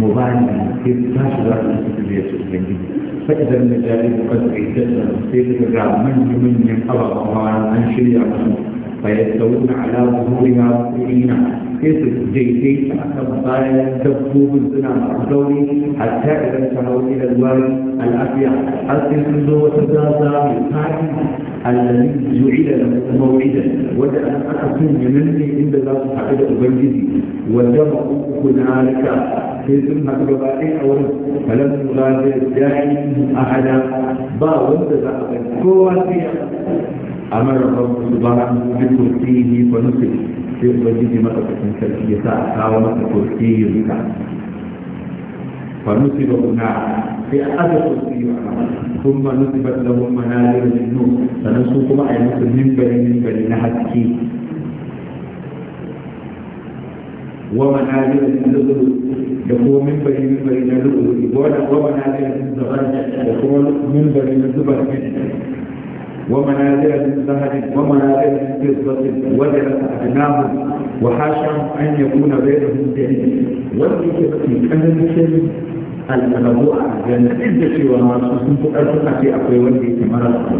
مباني كيف تشعر أنك تبي فإذا المجال قد اعتزل سيد الرعب من جمن من أبا طبعا أن فيستوون على ظهورها مقبلين كيف جيتي فأخذ دبوب بالزنا الدوري حتى إذا انتهوا إلى الوادي الأبيض حتى منذ وتزازى بالحاكم الذي جعل له موعدا ودعا أكثر يمني عند الله حقيقة أبنجدي وجمعوا هنالك في سنة الرباعي أو فلم يغادر داعي أحدا با وانتزع قوة amara rabbu subhanahu bi kursiyihi fa nusik sai ubangiji madaukakin sarki ya sa a kawo masa kursiyin ka fa nusik ba kuna sai a aza kursiyi ثم نصبت لهم منازل من نور فنسوكم أي منبر منبر نهتكي ومنازل اللؤلؤ يكون من بني من بني اللؤلؤ ومنازل الزغرجة يكون من بني الزبر ومنازل من ذهب ومنازل من فضة وجلس أدناهم وحاشاهم أن يكون بينهم دليل والكتاب في كلمة الموضوع لأن إذا شيء ونعرفه كنت أرفق في أقوى ولي كمرة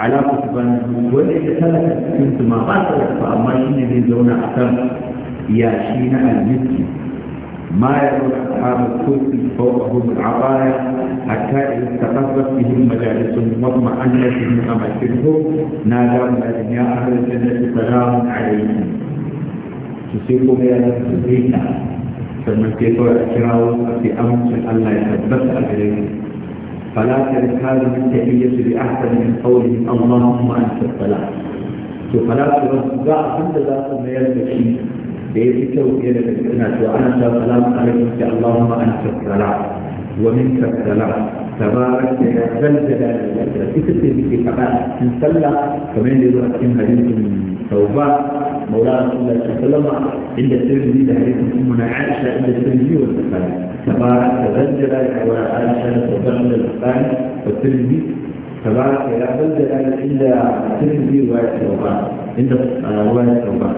على كتبان ولي كتابة كنت ما غاسلت فأما شيني زونا أكثر يا شينا المسكي ما يكون أصحاب الكرسي فوقهم العطايا حتى إذا استقرت بهم مجالسهم واطمأنت من أماكنهم ناداهم يا أهل الجنة سلام عليكم تصيبهم يا نفسك فمن كيف يكرهوا في أمر الله يثبت عليهم فلا ترك هذه التحية بأحسن من قوله اللهم أنت السلام فلا ترد ضعف عند ذات ما يلبس بيتك وبيدك السنة وأنت السلام عليك اللهم أنت السلام ومنك السلام تبارك يا ذا الجلال والإكرام تكتب في فقط تنسلى كمان يروح حديث ثوبان مولانا صلى الله عليه وسلم عند الترمذي ده حديث أمنا عائشة عند الترمذي والبخاري تبارك يا ذا الجلال والعائشة ثوبان عند البخاري والترمذي تبارك يا ذا الجلال عند الترمذي ورواية عند رواية ثوبان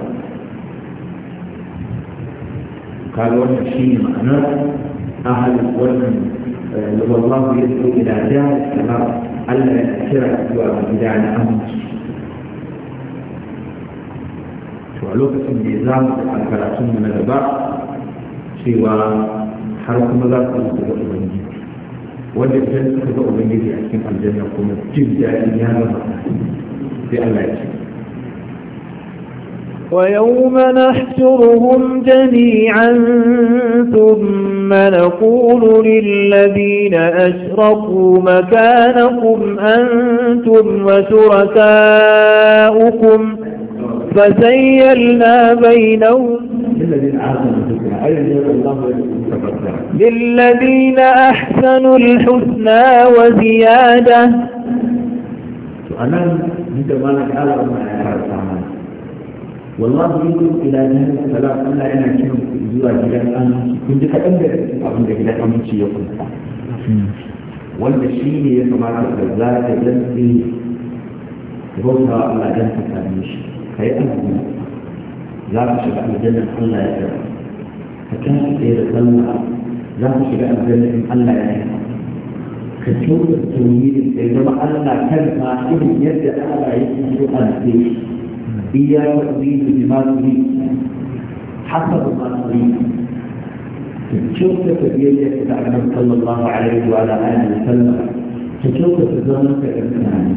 قال وانا شيء معناه أهل الوزن لو آه، الله يدعو إلى دار السلام ألا يأثر أسوأ بداع الأمر ولوكة النظام الكراسون من البعض سوى حرق مدار الأمر wanda idan suka ga ubangiji في cikin aljanna kuma jin daɗi ya zama sai Allah ويوم نحشرهم جميعا ثم نقول للذين أشرقوا مكانكم أنتم وشركاؤكم فسيلنا بينهم للذين أحسنوا الحسنى وزيادة أنا عندما نتعلم والله يقول إلى جهل السلام ألا أنا كنت زوا جدا أمشي كنت كأنجر أبن جدا أمشي يقول wanda shi ne ya kamata da za ka zanci bauta Allah don ka same shi ka yi azumi za ka shiga aljannan Allah ya kira ka kan tsaye da sallah za ka shiga aljannan in Allah ya ka zama Allah kan ma yadda Allah ya kira هي تريد بما تريد حسب ما تريد تشوف تبيلك تعلم صلى الله عليه وعلى آله وسلم تشوف تزامك الإنسان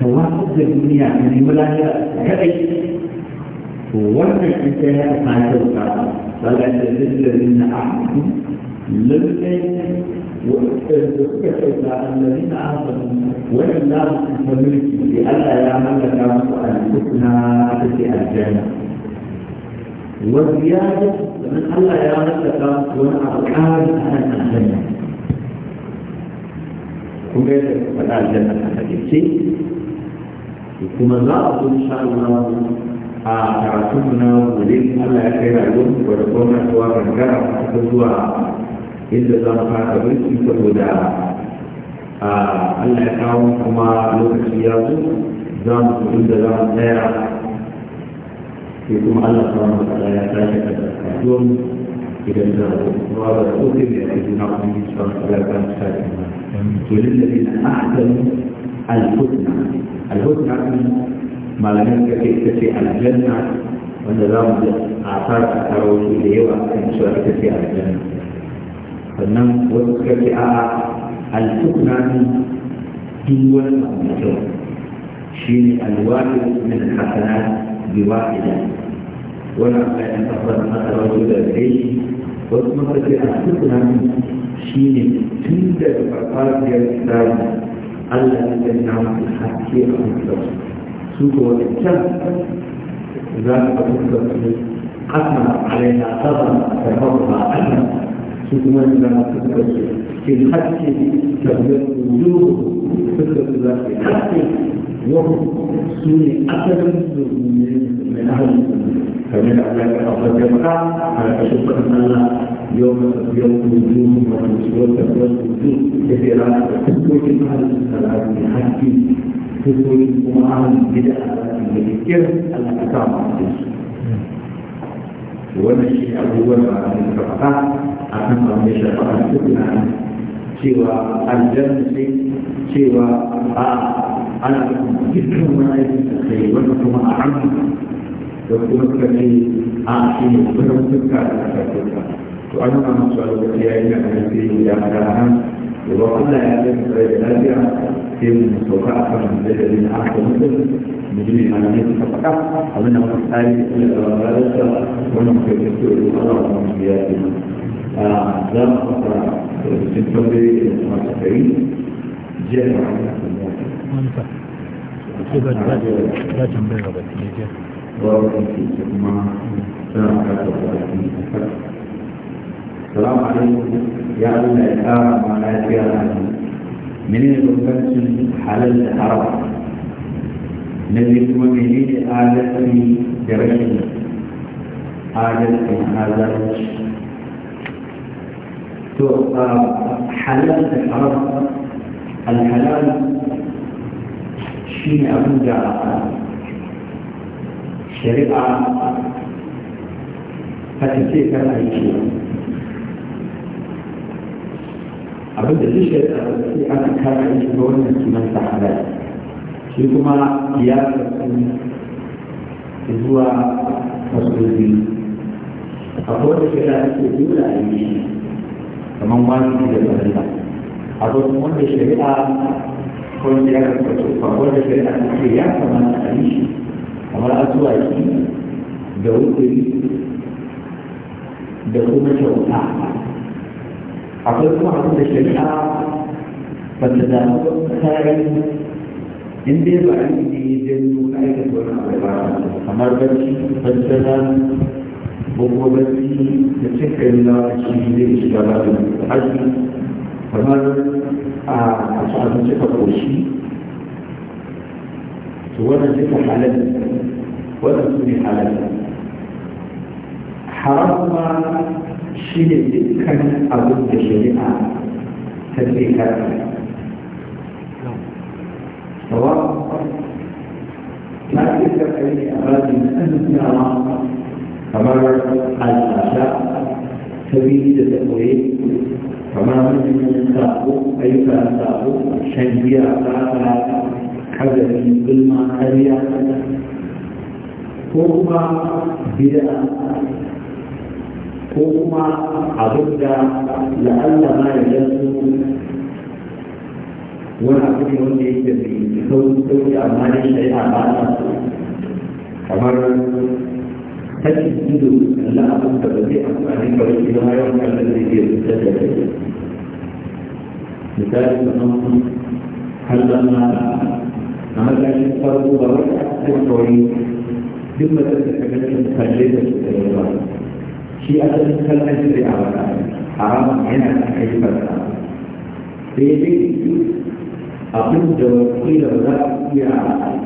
كواحد في الدنيا من الملاهرة كأي وأنا انتهى ما بل فلا تزل ان أحدكم لم suka kyauta annabi na amfani wannan na mutum mulki da Allah ya mallaka musu aljanna ta ce aljanna wa ziyada sannan Allah ya mallaka musu wani abu ƙari a nan aljanna kun ga yadda ka faɗa aljanna ta kaɗaice kuma za a zo insha Allah a karatun na gobe Allah ya kai rayuwar da kuma na gangara ta zuwa inda za mu fara barci saboda Allah ya kawo kuma lokaci ya zo za mu kudin da za mu tsaya sai kuma Allah ta wani matsala ya tashi a kasuwan idan da kuma da tsofi da ya fi na kuma yi tsawon tsara kan tashi ma. To lillahi na ahsan al-husna. Al-husna malamin ka ce ita ce aljanna wanda za mu a fara a karo da yawa kan cewa ita ce aljanna. sannan wasu suka ce a alfukuna ne duk wani abu mai kyau shi ne alwari min hasana biwa idan wani abu ya tafasar wajen da yi wasu masu ce alfukuna ne shi ne tun da farfajiyar tsari Allah ya danna musu haske a kusurwa su ko wani can za ka kusurwa su asma alaina sabon da a Allah hikmar da masu ƙarfi ke haske da yanzu suka su za su haske wasu su ne asalin su ne mai nahari kame da Allah ya kafa jama'a a ƙarshen ƙarfin Allah yau na tafiyar kuzu masu tsohon tafiyar kuzu ya fi rana da tukkokin halin salari ne haske tukkokin kuma halin gida a rafin da kekiyar alaƙa masu yanzu. Wannan shi abubuwan da suka faɗa a kan abin da shafa a cikin cewa aljanna ce cewa a ana dukkan wani aikin da kai wanda kuma a hannu da kuma suka a shi ne kuma suka da shafa to an nuna masu alwata ya yi da hannun da ya hannun وكل هذه الرياضية في المستوفى الذي أحد مثل مجمع المعلومات فقط ومنها مسائل الرياضية ونحن في الدكتور الأمر والمسؤوليات ده مقطع في الفضل المعتقين جاء السلام عليكم يا الله يا معنا يا منين الكونفشن حلال الحرام الذي هو منين آلتي برشد آلتي هذا to uh, halal da haram alhalal shi ne abin da shari'a ta ce kan aiki abin da duk shari'a ta kan aiki ga wannan sunan sa halal shi kuma ya karɓi zuwa akwai kamar wani da zarina a zo kuma da shari'a ko da ya ba ko da shari'a ce ya kamata a yi shi kamar shi da wukuri da kuma kyauta akwai kuma abin da shari'a ba ta da kayan in dai ba a yi ne don aikata wani abu ba kamar barci barci gwamnati da cikin na shi zai shiga da haji kamar a sa'adun cika koshi to wannan cika halal wannan su ne halal haram ma shi ne dukkan abin da shari'a ta ce karfi سواء ما تقدر عليه أراضي من أن تكون kamar al'asha sabili da tsakoye kamar sabo ayyuka na sabo shan giya tsara kagari gulma kariya ko kuma biya ko kuma abin da la'alla ma ya yanzu wani abu ne wanda yake da sauƙi amma ne shari'a ba kamar sakin ido na abin da ba zai amfani ba shi zama yawan kallon zai iya fitar da kai misali kamar kallon na a matakin farko ba wata akwai kawai duk mutum da kaga ta kalle da su da yawa shi asalin kallon shi a wata haramun yana kan haifar da sai dai abin da wakila ba za a iya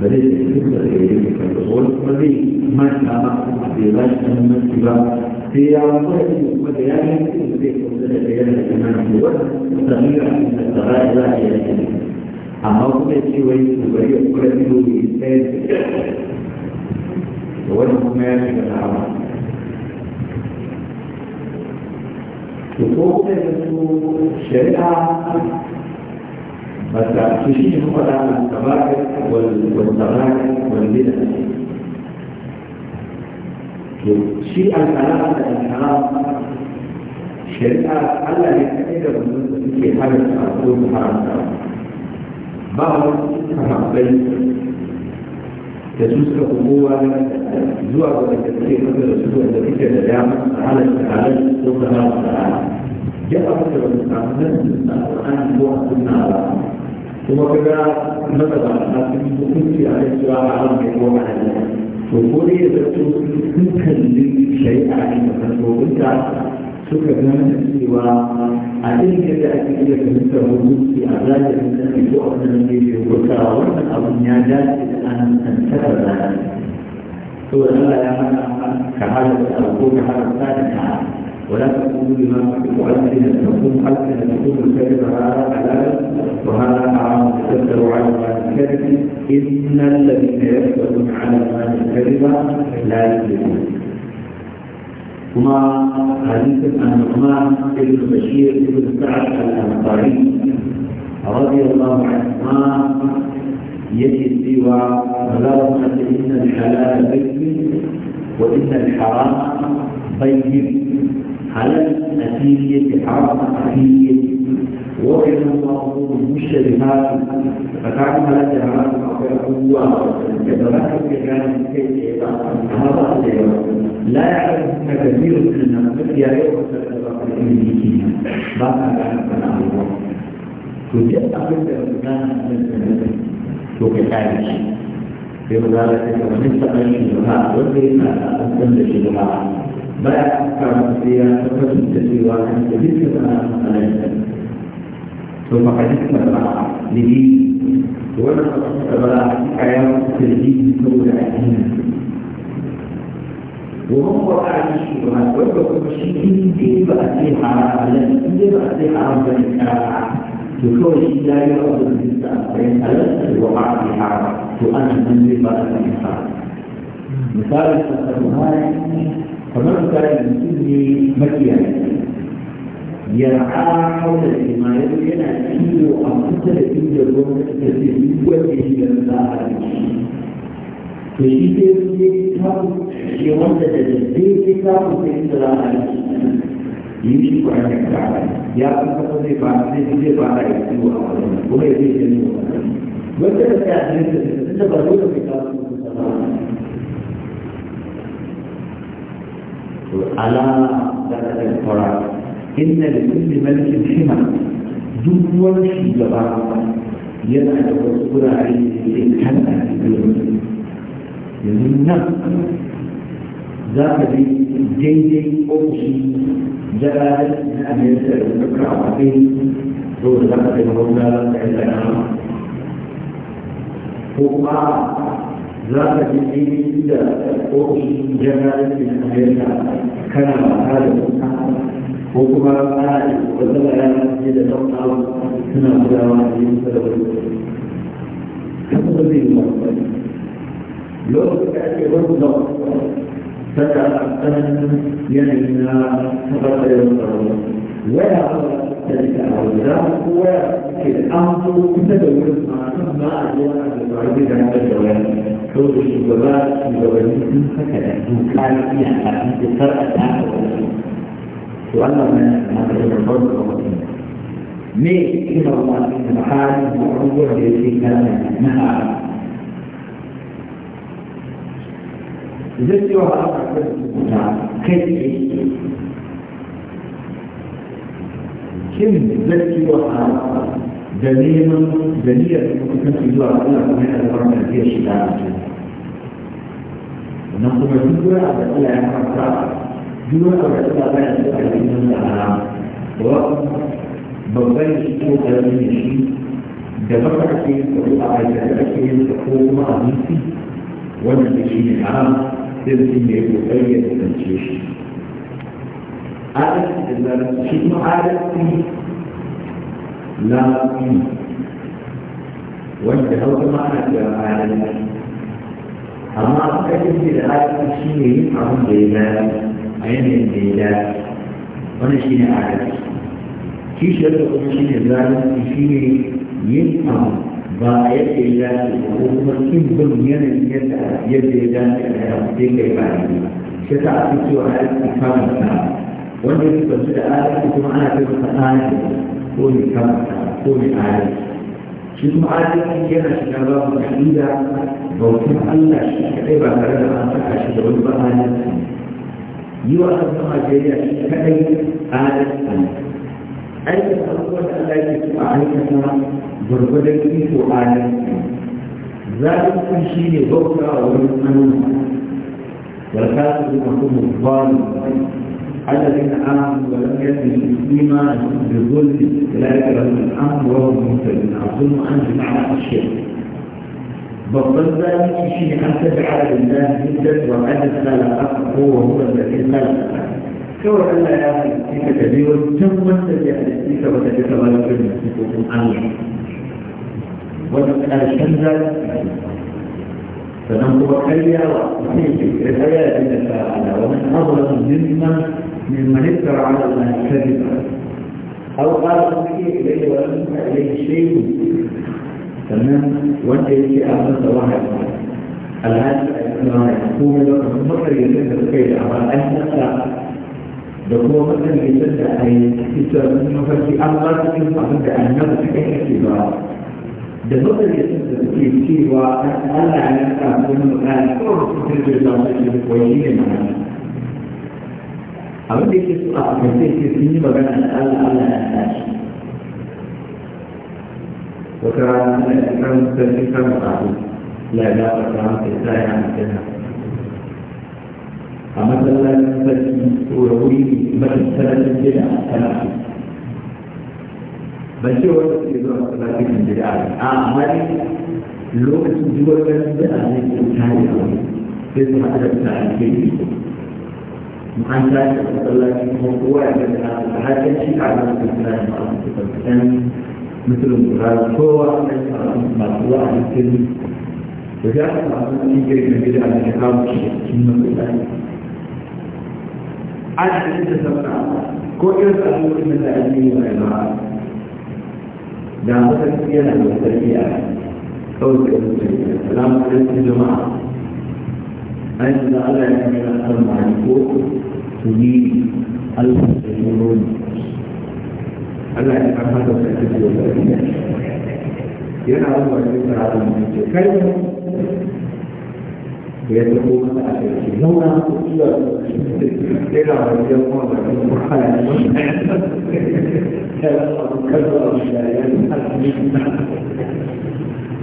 فليس بالنسبة إليه كالدخول والذي ما كان ذلك من الاتباع في عقائد وبيان في قصة بيان الإمام في وقت تغيير من التغير لا ذلك أما هو يسوي وبيع كل يوم يستاهل وجه ما يتعامل وفوق الشريعة فانت تشيء فقط على التباعد والتباعد والبدع شيء الكلام الحرام شريعة ألا يتأكد من في حالة أقول حرام بعض الصحابين تسوسك قوة زوع وتكثير مثل الأسبوع الذي كان دائما على السعادة وكما جاء مثل الإسلام أن هو سنة kuma kaga mazaba na cikin hukunci a kan cewa haram ne ko ba to ko dai ya zato sun shari'a ne da kasuwanta suka gane cewa a irin yadda ake iya fahimtar hukunci a zahirin sani ko a wannan da ke hukuntawa wannan abun ya dace da an tantar da to Allah ya hana ka halatta ko ka halatta da ka ولا تقولوا لما تحب ألسنتكم ألسنتكم الكذب هذا حلال وهذا حرام تكذبوا على ما الكذب إن الذين يكذبون على ما الكذب لا يكذبون هما حديث عن نعمان بن بشير بن سعد الأنصاري رضي الله عنهما يجد سوى ملارمة إن الحلال بين وإن الحرام طيب على أثيرية حرام أثيرية وكان الله مشتبهات فكان على جهات القوة كذلك كان هذا لا يعلم كثير من الناس يا أيها الأمريكيين بعد أن كان الله وجاء أبدا كان وكذلك في مدارسة ونسبة الشبهات وكيف أن تنزل بعد kama sai ya تسير da cewa kan da duk sana halatta to fa hadisi da ba ni bi to wannan da ba kaya da ji saboda addini وهو أعلى الشبهات ويبقى الشيء إن يبقى فيه حرام لكن إن يبقى فيه حرام فإنها يكون لا يرد الإنسان ألست الوقع في حرام وأنا من يبقى فيه حرام مثال الشبهات kamar misali mutum ne makiyaye yar'a haula da imayar yana kiwo a kusa da inda gwamnati ta ce wanda ya shiga za a to shi sai ne yi shi kwanan ya kuma kasa zai ba fara yi da ba على ذات القرار إن لكل ملك حمى دول في جبار يدعى الرسول عليه الإنحنى في المسلم يقول ذاك جيدي أوشي جلال من أمريكا الفكرة عربي دور ذاك عندنا فوقع za ka ji ainihin da ofishin janaralin da amerika kana mata da kuka ko kuma ana da wata bayanan ne da tattawa suna gudawa a yin sarrafa kan da zai yi lokacin da ake wani da saka tsananin yanayi na tabbatar da ولا على ذلك الأوزار وفي الأمر تدور ما أدوان المعرض عن الجوال حوض الشبابات مدورين هكذا كان في حقيقة فرق تعالى وأنا من هذا الفضل ليه إلى الله سبحانه وتعالى الذي كان نهى زدت وعلى كيف yin zakewa da neman da niyyar da kuka zuwa Allah kuma yana da farkon da zai shiga a cikin wannan kuma duk wani abu da Allah ya farka duk wani abu da Allah ya shiga a cikin sa wa babban shi ko karamin shi da baka ake yin ko a aikata ake yin ko kuma abinci wannan da shi ne haram sai da shi ne ya kokari ya kasance shi adalci da zalunci shi kuma adalci na kuɗi wanda hausa ma ana cewa adalci amma aka yi da adalci shi ne yin abin da ya dace a yanayin da ya dace wannan shi ne adalci kishiyar da kuma shi ne zalunci shi ne yin abu ba a yadda ya dace ko kuma kin bin yanayin yadda yadda ya dace a yau sai kai ba ne sai ta ake cewa adalci kamar sa wanda ya kusanci da adalci kuma ana kai masa adalci ko ne kamata ko ne adalci shi kuma adalci yana shiga babu ka'ida bautar Allah shi kaɗai ba tare da an saka shi da wani ba adalci yi wa ƙasar Najeriya shi kaɗai adalci aikata abubuwan da Allah yake so a aikata gwargwadon iko adalci zalunci shi ne bauta wa wani tsanuna والكافر يكون الظالم الذين آمنوا ولم يكن الإيمان بظلم أولئك لهم الأمن وهم مهتدون أظن أن بمعنى الشيء بطل ذلك شيء أن تجعل لله جدا وعدد ما لا اقرا هو هو الذي خلقك سواء أن لا يعلم فيك كبير ثم تجعل وتتولى في نفسكم أمنا وتسأل شمسا فمن هو كريا وفيه الآيات التي ومن أظلم ممن من اكثر على ما يكتب او قال امي اليه ولم اليه شيء تمام وانت اللي اعطيت واحد الهدف ان يكون لك مصدر يسند الخير اما انت لا دكوا مثلا يسند اي يسند مفرد الله يمكن ان يكون لك اعتبار دمر يسند الخير سيوا ان الله يمكن ان يكون لك اعتبار abin da yake so a afirka yake sun yi magana da allah allah ya tashi wata rana da kan sarki kan abu la ya ba ta hanka ta ya mutuna a matsalolin sarki ko da wuri mafi sanatin gida a sana'a ban ce wanda suke zuwa da gida a amma lokacin duwar da a ne a wani sai su haɗa da ta alkhairi an tashi a masallaci kuma kowa ya gani shi a nan da suna yin masu kusurkutan musulun kura kowa a nan masu wa da za a samu wani irin na gida a cikin kawo shi cikin masallaci a cikin da sauna ko irin sa'adun da za a yi ba da masarki yana da masarki a kawai da masarki salamu jama'a da Allah ya المسلمين المسلمون Allah ya san haka ta yana zuwa cikin karatun da ke kai da ya tafi masa ake cikin nauna ko zuwa yana wajen wanda ke wahala ne wanda ya san ya zama kasa a wajen ya yi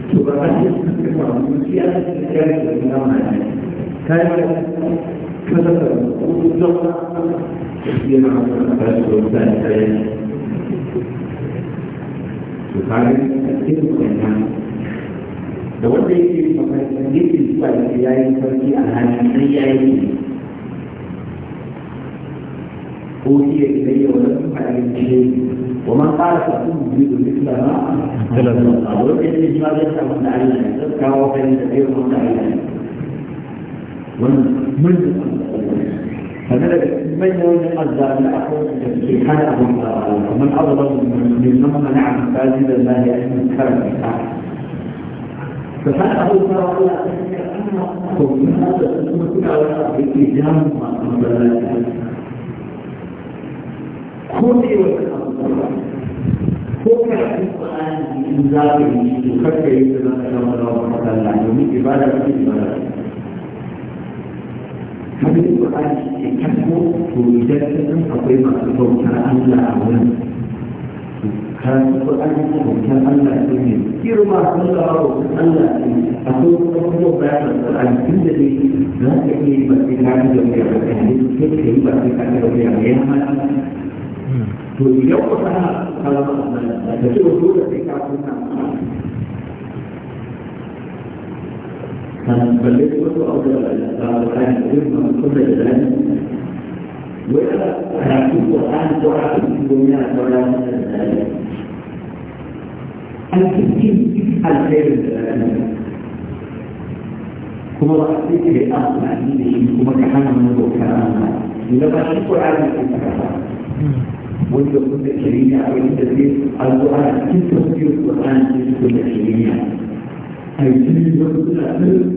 to ba a cikin da mutum ya san ya yi da nauna da kai da wanda yake yi mafarki yake zuwa da ya yi mafarki a hannun sai ya yi ko shi ya ke yi wa wasu fa'in ce wa man fara sa da biyu da duk da ma a lokacin da shi ma zai samu da Allah kawo kai da kai wanda Allah ne من فذلك من يوجد أزال لأخوة في حال أبو ومن أظلم من من منع مساجد الله أن يتحرك فكان أبو هريرة ومن هذا كنت على الإجابة خذي وتقبل القرآن من ذلك يخشى يتبع الله وتعالى يوم إبادة إبادة kamar da ba a ce kasko to idan kasan akwai masu bautar Allah a wurin kasu ko a yi bautar Allah ne ne girma Allah ba bautar Allah ne akwai kuma kuma bayan Al-Qur'an tun da ne za ka iya yi ba sai ka ga da wani abu ne sai yi ba sai da wani abu ya ma to idan ku sana kalama Allah ka ce ko da sai ka فبلغت كله أفضل بعد الآن كله من كل الآن وأنا أشوف الآن سرعة الدنيا سرعة الآن التسكين الخير الآن كما رأيت بأصل عديده كما كان من الوكرامة لما شكوا على الإنسان وانت كنت كريمة أو انت القرآن كنت تسكين القرآن كنت كنت كريمة أي كنت كنت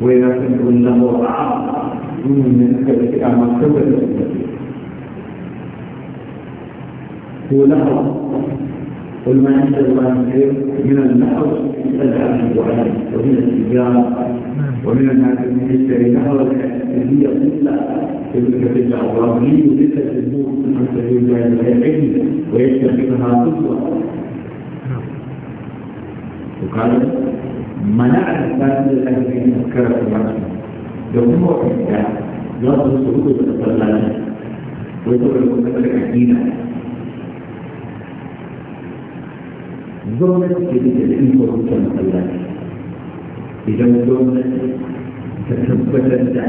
ويقول انه رعب من كذلك ما كبر هو نحو قل ما عند الله من النحو الذهب والعلم ومن التجاره ومن الناس من يشتري نحو الحديثيه كلها تلك في الاعراب ليدرك الجمهور من سبيل الله العلم ويتخذها قدوه وقال mana a tsakanin da ake yin karatu ba da kuma wanda za su su rubuta da sallaci wai to da kuma da aƙida gwamnati ke da da iko rubuta idan gwamnati ta tabbatar da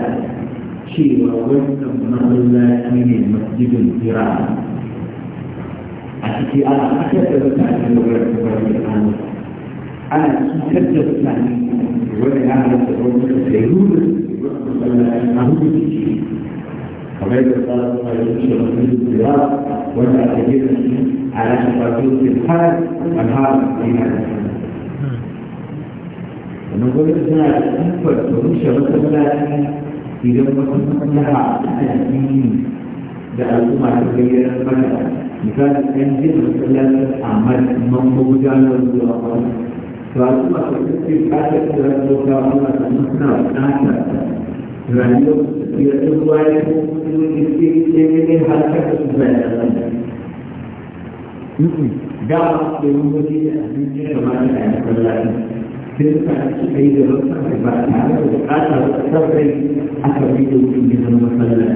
cewa wannan masallaci ne masjidin jira a ciki ana aka da mutane da wurin da na su ana cutar da mutane wani ya halatta wani da yuri a hukunci kamar da tsara kuma ya wuce da wani da wanda aka gina shi a rashin fato ke har a har yana da wannan gwamnati tana da ikon da rushe masallaci idan wata maslaha ta addini da al'umma ta gayyar mata misali ɗan jin masallacin amma mamma gudanar zuwa wani Rasulullah SAW kata kepada Rasulullah SAW kata Radio yaitu buaya itu isi ini harta kesudahan. Dalam demokrasi Indonesia kemarin ada berlaku. Kita ini dalam perbincangan atau sampai atau itu di dalam masalah.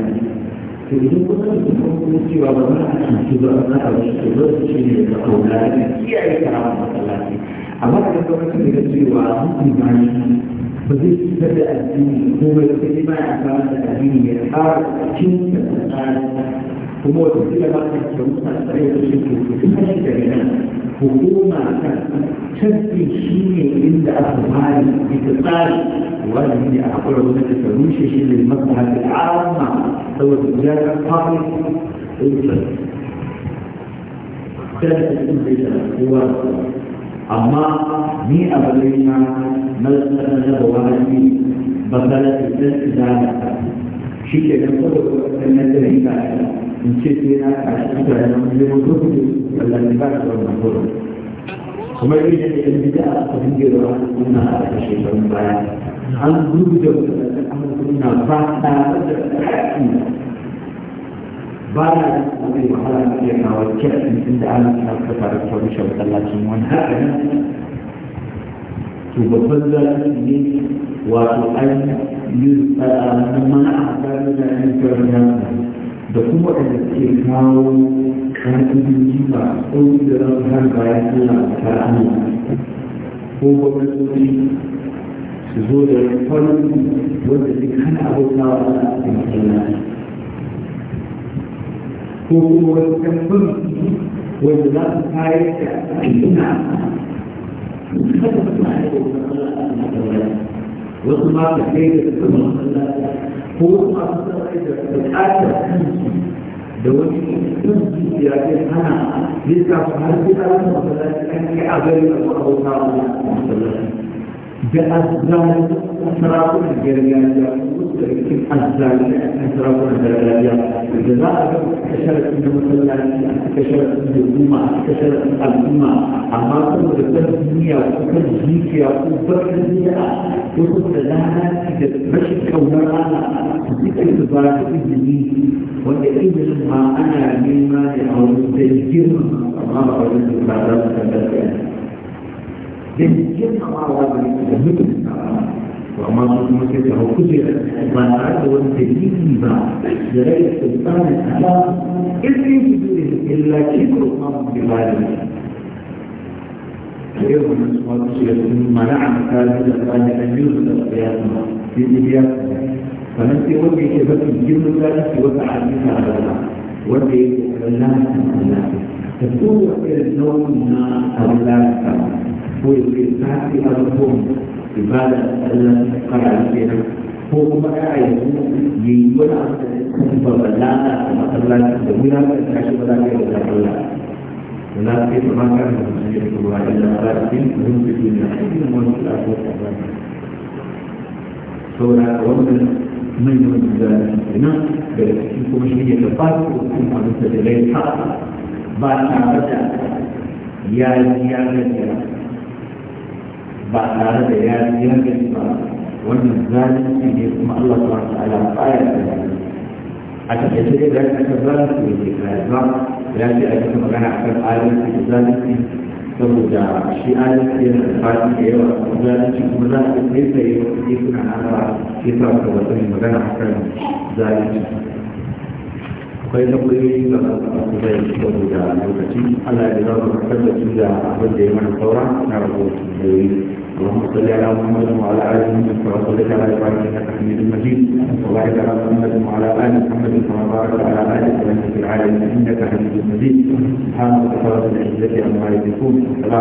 Jadi bukan fungsi wabah, juga bukan harus juga sini ada kawalan. Ia ikram masalahnya. amma a ga lokacin da cewa imani ba zai fitar da addini ko ba zai fitar da amfani da addini ya ƙara cikin da tsari kuma wata kila ba ta da mutane tsare da shi ke kuma shi da nan hukuma kan canfi shi ne inda aka fara ita tsari wani ne a kura wani da ta rushe shi da maslaha da amma saboda ziyarar fara ita. Sai da ta cikin da ita amma ni a na na da wani ba ta da ɗan da shi ke nan saboda wasan nan da rika in ce ke na cikin da yana da rufe wallahi ba da wannan kuma kuma yi da yan bida a kan gero suna a kashe shekarun baya an gudu da wasan an suna fata da ba na da kuma wahala na iya kawo kyasin tun da an kira ka tare da rushe masallacin wani haka ne to babban zalunci ne wato an yi na mana a tsari da yan jirgin da kuma da ke kawo ƙarfin jifa ɗauki da zan har bayan suna tarani ko gwamnatoci su zo da farin wanda duk hana abota wa a cikin masallaci ko kuma wasu kamfan wanda za su kayar da ayyuka wasu ma ka kai da su ko kuma su tsarai da bukatar kansu da wani kan zuciya ke hana yadda har sai an yi a gari a kuma hausa بأسرار أسرار الجريانية وتركيب أسرار أسرار الجريانية الجزائر اكتشفت أن المسلمين اكتشفت أن الأمة اكتشفت أن الأمة أما كنت التنمية وتنزيكية وتنزيكية وكنت لها مشي كونها ذكر تبارك الدين وإذن ما أنا مما يعود تجرم الله عز وجل binciken kamawa da yake da mutum to amma su kuma sai ta hau kujera ba tare da wani dalili ba da rai da sultanin ala irin su ne illa ke kurman bilali da yau wani su ma su shiga sun mana a misali da tsani an yi su da tsayatu sai iliya sannan sai wanda yake mafi girman zalunci wata hadisa a rana wanda yake kallon lafiya تكون يرجونها أو لا والكتاب أرضهم عبادة الله قرأ فيها هو ما يعلم يقول فبلانا كما الله دمنا كشف ذلك ولا الله ولا كيف ما كان يسجد الله إلا قاتل من في الدنيا حين ومن في الآخرة سورة ومن من يوم في بنا بل يكون مشهية الفاتح وتكون عن سبيل الحق ba tare da ya yi ya gaji ba tare da ya yi ya gaji ba wannan zalunci ne kuma Allah ta wata ala baya da zalunci a cikin shi da aka zalunci ne ke kare ba ya ce a cikin magana akan adalci da zalunci saboda shi adalci yana da fadi da yawa kuma zalunci kuma za a kai tsaye wasu suna nan ba shi sa wata wata magana akan zalunci akwai na kuri da masu da yi da guda lokaci ana yi zama da tabbaci da abin da ya mana saura na rahoto da yi wa musalli ala muhammadu wa ala ali muhammadu wa rasulullahi ta'ala ya fara kinta a cikin majid wa ba ya fara muhammadu wa ala ali muhammadu wa ba ka ala ali da wani da ke ala ya fi inda ka hannu da majid ta hannu da fara da shi da ke amma ya fi kuma